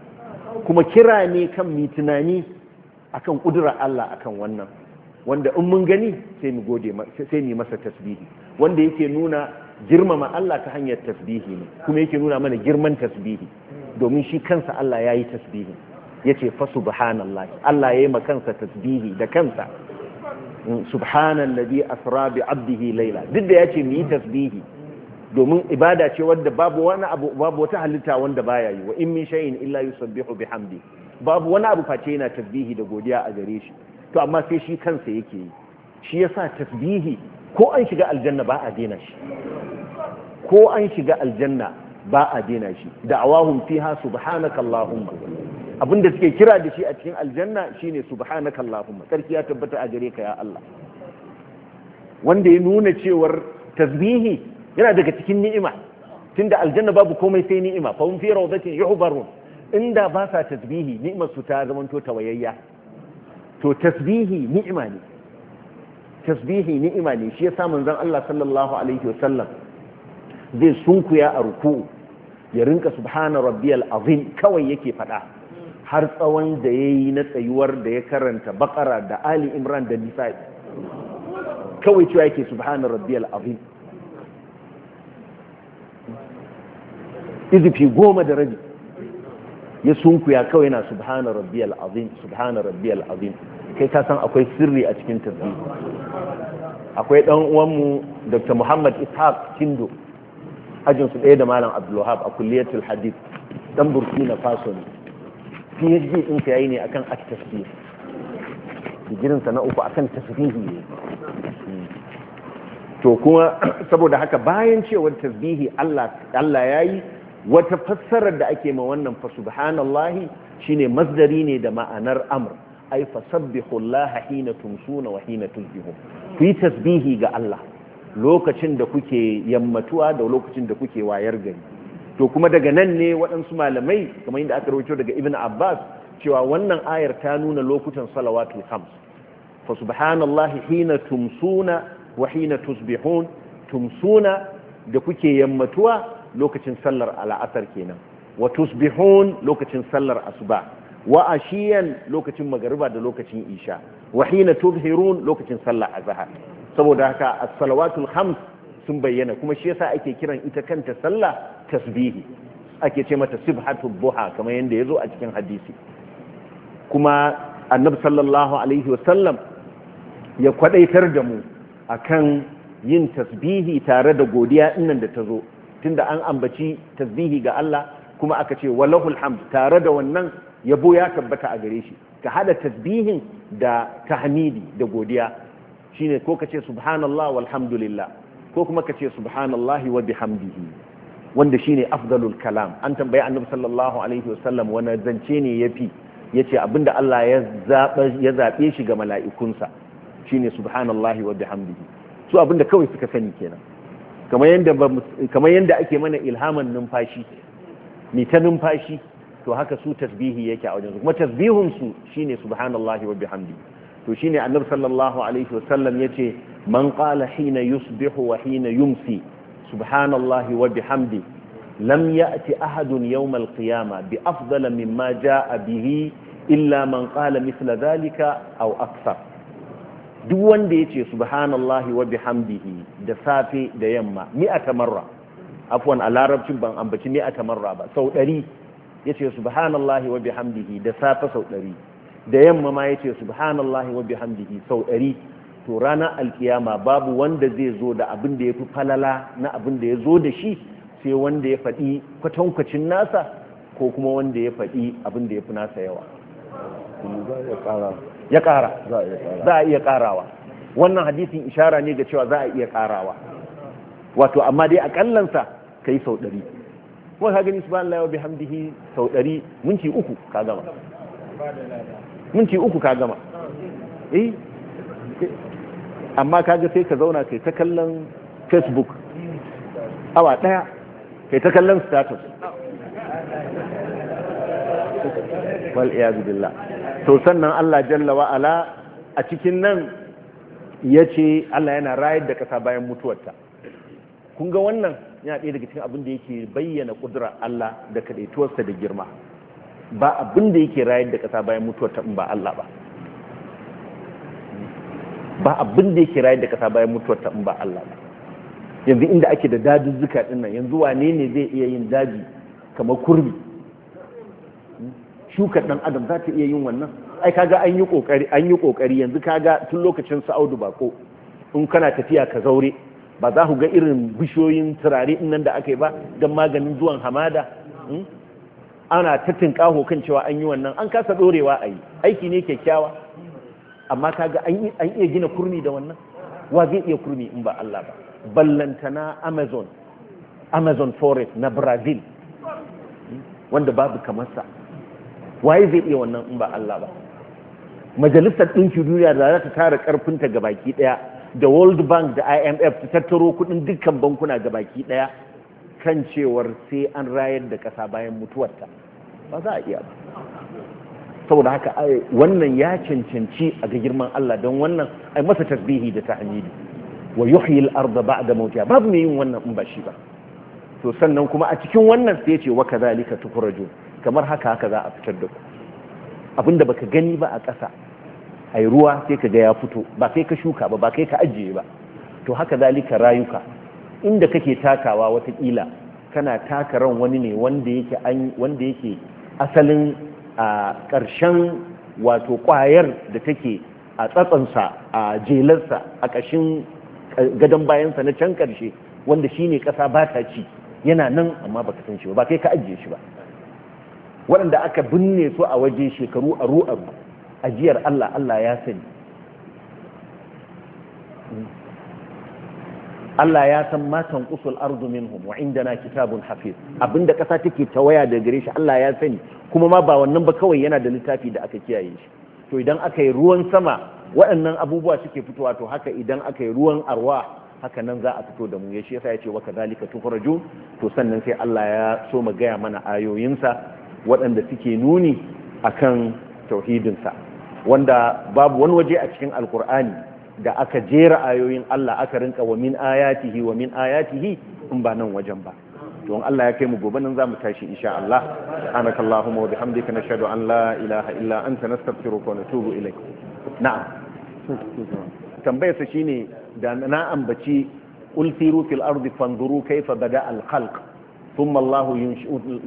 kuma kira ne kan mi tunani akan kudura Allah akan wannan wanda in mun gani sai mu gode sai mu masa tasbihi wanda yake nuna girmama Allah ta hanyar tasbihi ne kuma yake nuna mana girman tasbihi domin shi kansa Allah yayi tasbihi yace fa subhanallah Allah ya ma kansa tasbihi da kansa mm, subhanallazi asra bi abdihi laila duk da yace mu yi tasbihi domin ibada ce wadda babu wani abu babu wata halitta wanda baya yi wa in min shay'in illa yusabbihu bihamdi babu wani abu face yana tasbihi da godiya a gare shi to amma sai shi kansa yake yi shi yasa tasbihi ko an shiga aljanna ba a dena shi ko an shiga aljanna ba a dena shi da'awahum fiha subhanakallahumma abinda suke kira da shi a cikin aljanna shine subhanaka allahumma sarki ya tabbata a gare ka ya Allah wanda ya nuna cewar tasbihi yana daga cikin ni'ima tunda aljanna babu komai sai ni'ima fa hum fi rawdatin yuhbarun inda ba sa tasbihi ni'imar su ta zamanto tawayayya to tasbihi ni'ima ne tasbihi ni'ima ne shi yasa manzon Allah sallallahu alaihi wasallam zai sunkuya a ruku'u ya rinka subhana rabbiyal azim kawai yake fada har tsawon da ya yi na tsayuwar da ya karanta bakara da ali imran da nisa'i kawai cewa yake subhanar rabbiyal azim izifi goma da rabi ya sunkuya kawai na subhana rabbiyal azim kai ka san akwai sirri a cikin tasbih akwai dan uwanmu Dr. Muhammad Ishaq Kindo ajin su ɗaya da Malam Abdul a kulliyar hadith dan Burkina Faso ne phd din ka yi ne akan at-tasbih digirin na uku akan tasbihi ne to kuma saboda haka bayan cewar tasbihi Allah ya yi wata fassarar da ake ma wannan fa subhanallahi shine masdari ne da ma'anar amr fa fasabbihu Allah hina tumsuna wa hina tusbihun fi tasbihi ga Allah lokacin da kuke yammatuwa da lokacin da kuke wayar gari to kuma daga nan ne waɗansu malamai kamar yadda aka rawaito daga ibn abbas cewa wannan ayar ta nuna lokutan salawatul khams fa subhanallahi hina tumsuna wa hina tusbihun tumsuna da kuke yammatuwa lokacin sallar al'asar kenan wa tusbihun lokacin sallar asuba wa ashiyan lokacin magariba da lokacin isha wa hina tuzhirun lokacin sallar azha saboda haka as-salawatul khams sun bayyana kuma shi yasa ake kiran ita kanta sallah tasbihi ake ce mata sibhatu buha kamar yadda ya zo a cikin hadisi kuma annabi sallallahu alaihi wasallam ya kwadaitar da mu akan yin tasbihi tare da godiya innan da tazo tunda an ambaci tasbihi ga Allah kuma aka ce walahul hamd tare da wannan yabo ya tabbata a gare shi ka hada tasbihin da tahmidi da godiya shine ko ka ce subhanallah walhamdulillah ko kuma ka ce subhanallahi wa bihamdihi wanda shine afdalul kalam an tambayi annabi sallallahu alaihi wasallam wani zance ne ya fi. Ya ce abinda Allah ya zaɓe shi ga mala'ikunsa shine subhanallahi wa bihamdihi su abinda kawai suka sani kenan kamar yadda ake mana ilhaman numfashi ni ta numfashi to haka su tasbihi yake a wajen su kuma tasbihunsu shine subhanallahi wa bihamdihi to shine annabi sallallahu alaihi wasallam ce man qala hina yusbihu wa hina yumsi subhanallahi wa bihamdi lam ya'ti ahadun yawmal qiyama bi afdala mimma a bihi illa man qala mithla dhalika aw akthar duk wanda yace subhanallahi wa bihamdihi da safe da yamma mi'ata marra afwan a larabcin ban ambaci mi'ata marra ba sau 100 yace subhanallahi wa bihamdihi da safe sau 100 da yamma ma yace subhanallahi wa sau to rana alkiyama babu wanda zai zo da abin da ya fi falala na abin da ya zo da shi sai wanda ya faɗi kwatankwacin nasa ko kuma wanda ya faɗi abin da ya fi nasa yawa ya ƙara za a iya ƙarawa wannan hadisin ishara ne ga cewa za a iya ƙarawa wato amma dai a ƙallansa ka yi sau ɗari kuma ka gani subhanallah wa hamdihi sau ɗari minti uku ka gama minti uku ka gama eh amma kaga sai ka zauna kai ta kallon facebook awa daya kai ta kallon status wal iyaz billah to sannan Allah jalla wa ala a cikin nan yace Allah yana rayar da kasa bayan mutuwarta kun ga wannan yana ɗaya daga cikin abin da yake bayyana kudura Allah da kaɗaituwarsa da girma ba abin da yake rayar da kasa bayan mutuwarta in ba Allah ba ba abin da yake rayu da kasa bayan mutuwar ta in ba Allah ba yanzu inda ake da zuka din nan yanzu wane ne zai iya yin daji kamar kurmi shuka dan adam za ta iya yin wannan ai kaga an yi kokari an yi kokari yanzu kaga tun lokacin Audu bako in kana tafiya ka zaure ba za ku ga irin bishiyoyin turare nan da aka yi ba don maganin zuwan hamada hmm? ana ta tinkaho kan cewa an yi wannan an kasa dorewa a yi aiki ne kyakkyawa amma kaga an iya gina kurmi da wannan wa zai iya kurmi in ba Allah ba ballantana amazon amazon forest na brazil hmm, wanda babu sa waye zai iya wannan in ba Allah ba majalisar ɗinki duniya da za ta tara ƙarfinta ga baki ɗaya da world bank da imf ta tattaro kuɗin dukkan bankuna ga baki ɗaya kan cewar sai an rayar da ƙasa bayan mutuwarta ba za a iya ba saboda haka wannan ya cancanci a ga girman Allah don wannan ai masa tasbihi da tahmidi wa yuhyi al-ardha ba'da mawtiha babu ne yin wannan in ba shi ba to sannan kuma a cikin wannan sai ya ce wa kadhalika tukhraju kamar haka haka za a fitar da ku abinda baka gani ba a ƙasa ai ruwa sai ka ga ya fito ba kai ka shuka ba ba kai ka ajiye ba to haka zalika rayuka inda kake takawa watakila kana taka ran wani ne wanda yake wanda yake asalin a ƙarshen wato ƙwayar da take a tsatsansa a jelarsa a ƙashin gadon bayansa na can ƙarshe wanda shi ne ƙasa ba ta ci yana nan amma ba ka san shi ba kai ka ajiye shi ba waɗanda aka binne su a waje shekaru aru aru ajiyar Allah Allah ya sani Allah ya san matan kusur arzu minhum wa indana kitabun hafiz abinda kasa take ta waya da gare shi Allah ya sani kuma ma ba wannan ba kawai yana da littafi da aka kiyaye shi to idan aka yi ruwan sama waɗannan abubuwa suke fitowa to haka idan aka yi ruwan arwa haka nan za a fito da mu ya shi yasa ya ce wa kadhalika tukhraju to sannan sai Allah ya so mu gaya mana ayoyinsa waɗanda suke nuni akan tauhidinsa wanda babu wani waje a cikin alkur'ani da aka jera ayoyin Allah aka rinka wa min ayatihi wa min ayatihi in ba nan wajen ba to in Allah ya kai mu gobe nan zamu tashi insha Allah subhanaka allahumma wa bihamdika nashhadu an la ilaha illa anta nastaghfiruka wa natubu ilayk na'am tambayarsa shine da na ambaci ulfiru fil ardi fanzuru kaifa bada al khalq thumma Allah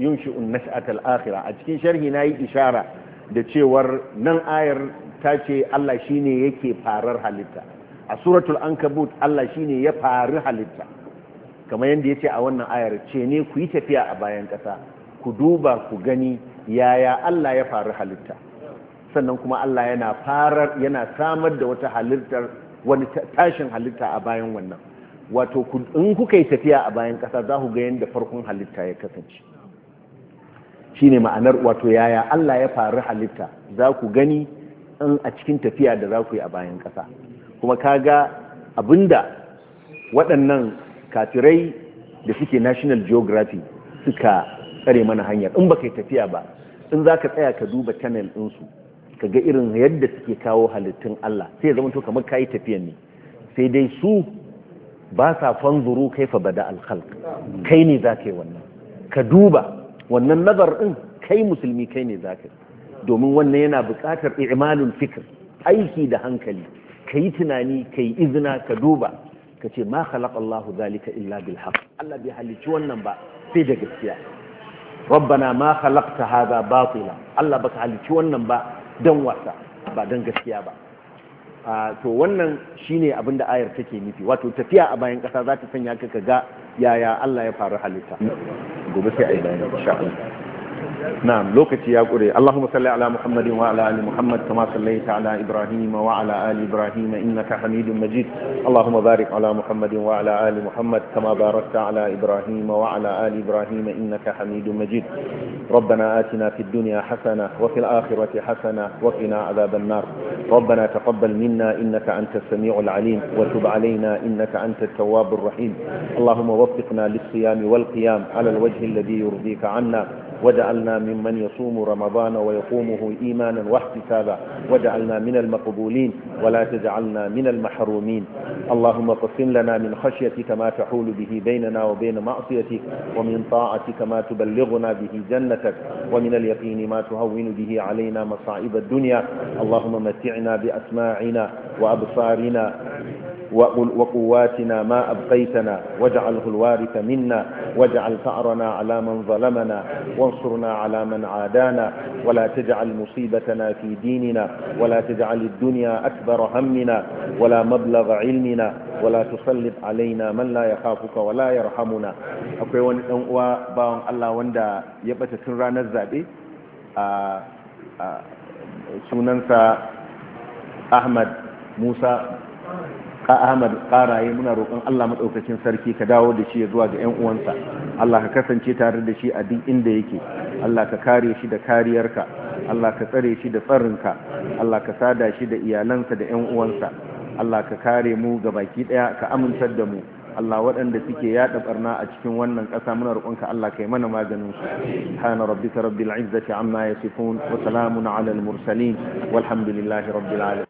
yunshi'u an-nash'ata al-akhirah a cikin sharhi nayi ishara da cewar nan ayar ta ce Allah shine yake farar halitta a suratul ankabut Allah shine ya fari halitta kamar yadda ya ce a wannan ayar ce ne ku yi tafiya a bayan kasa ku duba ku gani yaya Allah ya fari halitta sannan kuma Allah yana farar yana samar da wata halittar wani tashin halitta a bayan wannan wato in kuka yi tafiya a bayan kasa za ku ga yadda farkon halitta ya kasance shine ma'anar wato yaya Allah ya faru halitta za ku gani in a cikin tafiya da za ku yi a bayan ƙasa kuma ka ga abinda waɗannan kafirai da suke national geography suka tsare mana hanyar in ba ka yi tafiya ba in za ka tsaya ka duba channel ɗinsu ka ga irin yadda suke kawo halittun Allah sai zama to kamar ka yi tafiya ne sai dai su ba sa fanzuru fa bada alkhalq kai ne za ka yi wannan ka duba wannan nazar ɗin kai musulmi kai ne za ka yi domin wannan yana buƙatar i'malul fikr aiki da hankali yi tunani yi izina ka duba ka ce ma khalaqallahu zalika illa bil haqq Allah bai halicci wannan ba sai da gaskiya rabbana ma khalaqta hadha batila Allah baka halicci wannan ba dan wasa ba dan gaskiya ba to wannan shine abin da ayar take nufi wato tafiya a bayan ƙasa za ta sanya ka ga yaya Allah ya faru halitta gobe sai a yi bayani insha Allah نعم لوكتي يا قري اللهم صل على محمد وعلى ال محمد كما صليت على ابراهيم وعلى ال ابراهيم انك حميد مجيد اللهم بارك على محمد وعلى ال محمد كما باركت على ابراهيم وعلى ال ابراهيم انك حميد مجيد ربنا آتنا في الدنيا حسنه وفي الاخره حسنه وقنا عذاب النار ربنا تقبل منا انك انت السميع العليم وتب علينا انك انت التواب الرحيم اللهم وفقنا للصيام والقيام على الوجه الذي يرضيك عنا وجعلنا ممن يصوم رمضان ويقومه إيمانا واحتسابا وجعلنا من المقبولين ولا تجعلنا من المحرومين اللهم قسم لنا من خشيتك ما تحول به بيننا وبين معصيتك ومن طاعتك ما تبلغنا به جنتك ومن اليقين ما تهون به علينا مصائب الدنيا اللهم متعنا بأسماعنا وأبصارنا وقواتنا ما أبقيتنا واجعله الوارث منا واجعل ثأرنا على من ظلمنا وانصرنا على من عادانا ولا تجعل مصيبتنا في ديننا ولا تجعل الدنيا أكبر همنا ولا مبلغ علمنا ولا تسلط علينا من لا يخافك ولا يرحمنا akwai wani dan uwa bawan Allah wanda ya bata tun ranar zabe a sunansa Ahmad Musa ka Ahmad karaye muna roƙon Allah maɗaukacin sarki ka dawo da shi zuwa ga ƴan uwansa Allah ka kasance tare da shi a duk inda yake Allah ka kare shi da kariyarka Allah ka tsare shi da tsarinka Allah ka sada shi da iyalansa da ƴan uwansa Allah ka kare mu ga baki ɗaya ka amintar da mu Allah waɗanda suke yaɗa barna a cikin wannan ƙasa muna roƙonka Allah yi mana maganin su subhana rabbika rabbil izzati amma yasifun wa salamun ala al mursalin walhamdulillahi rabbil alamin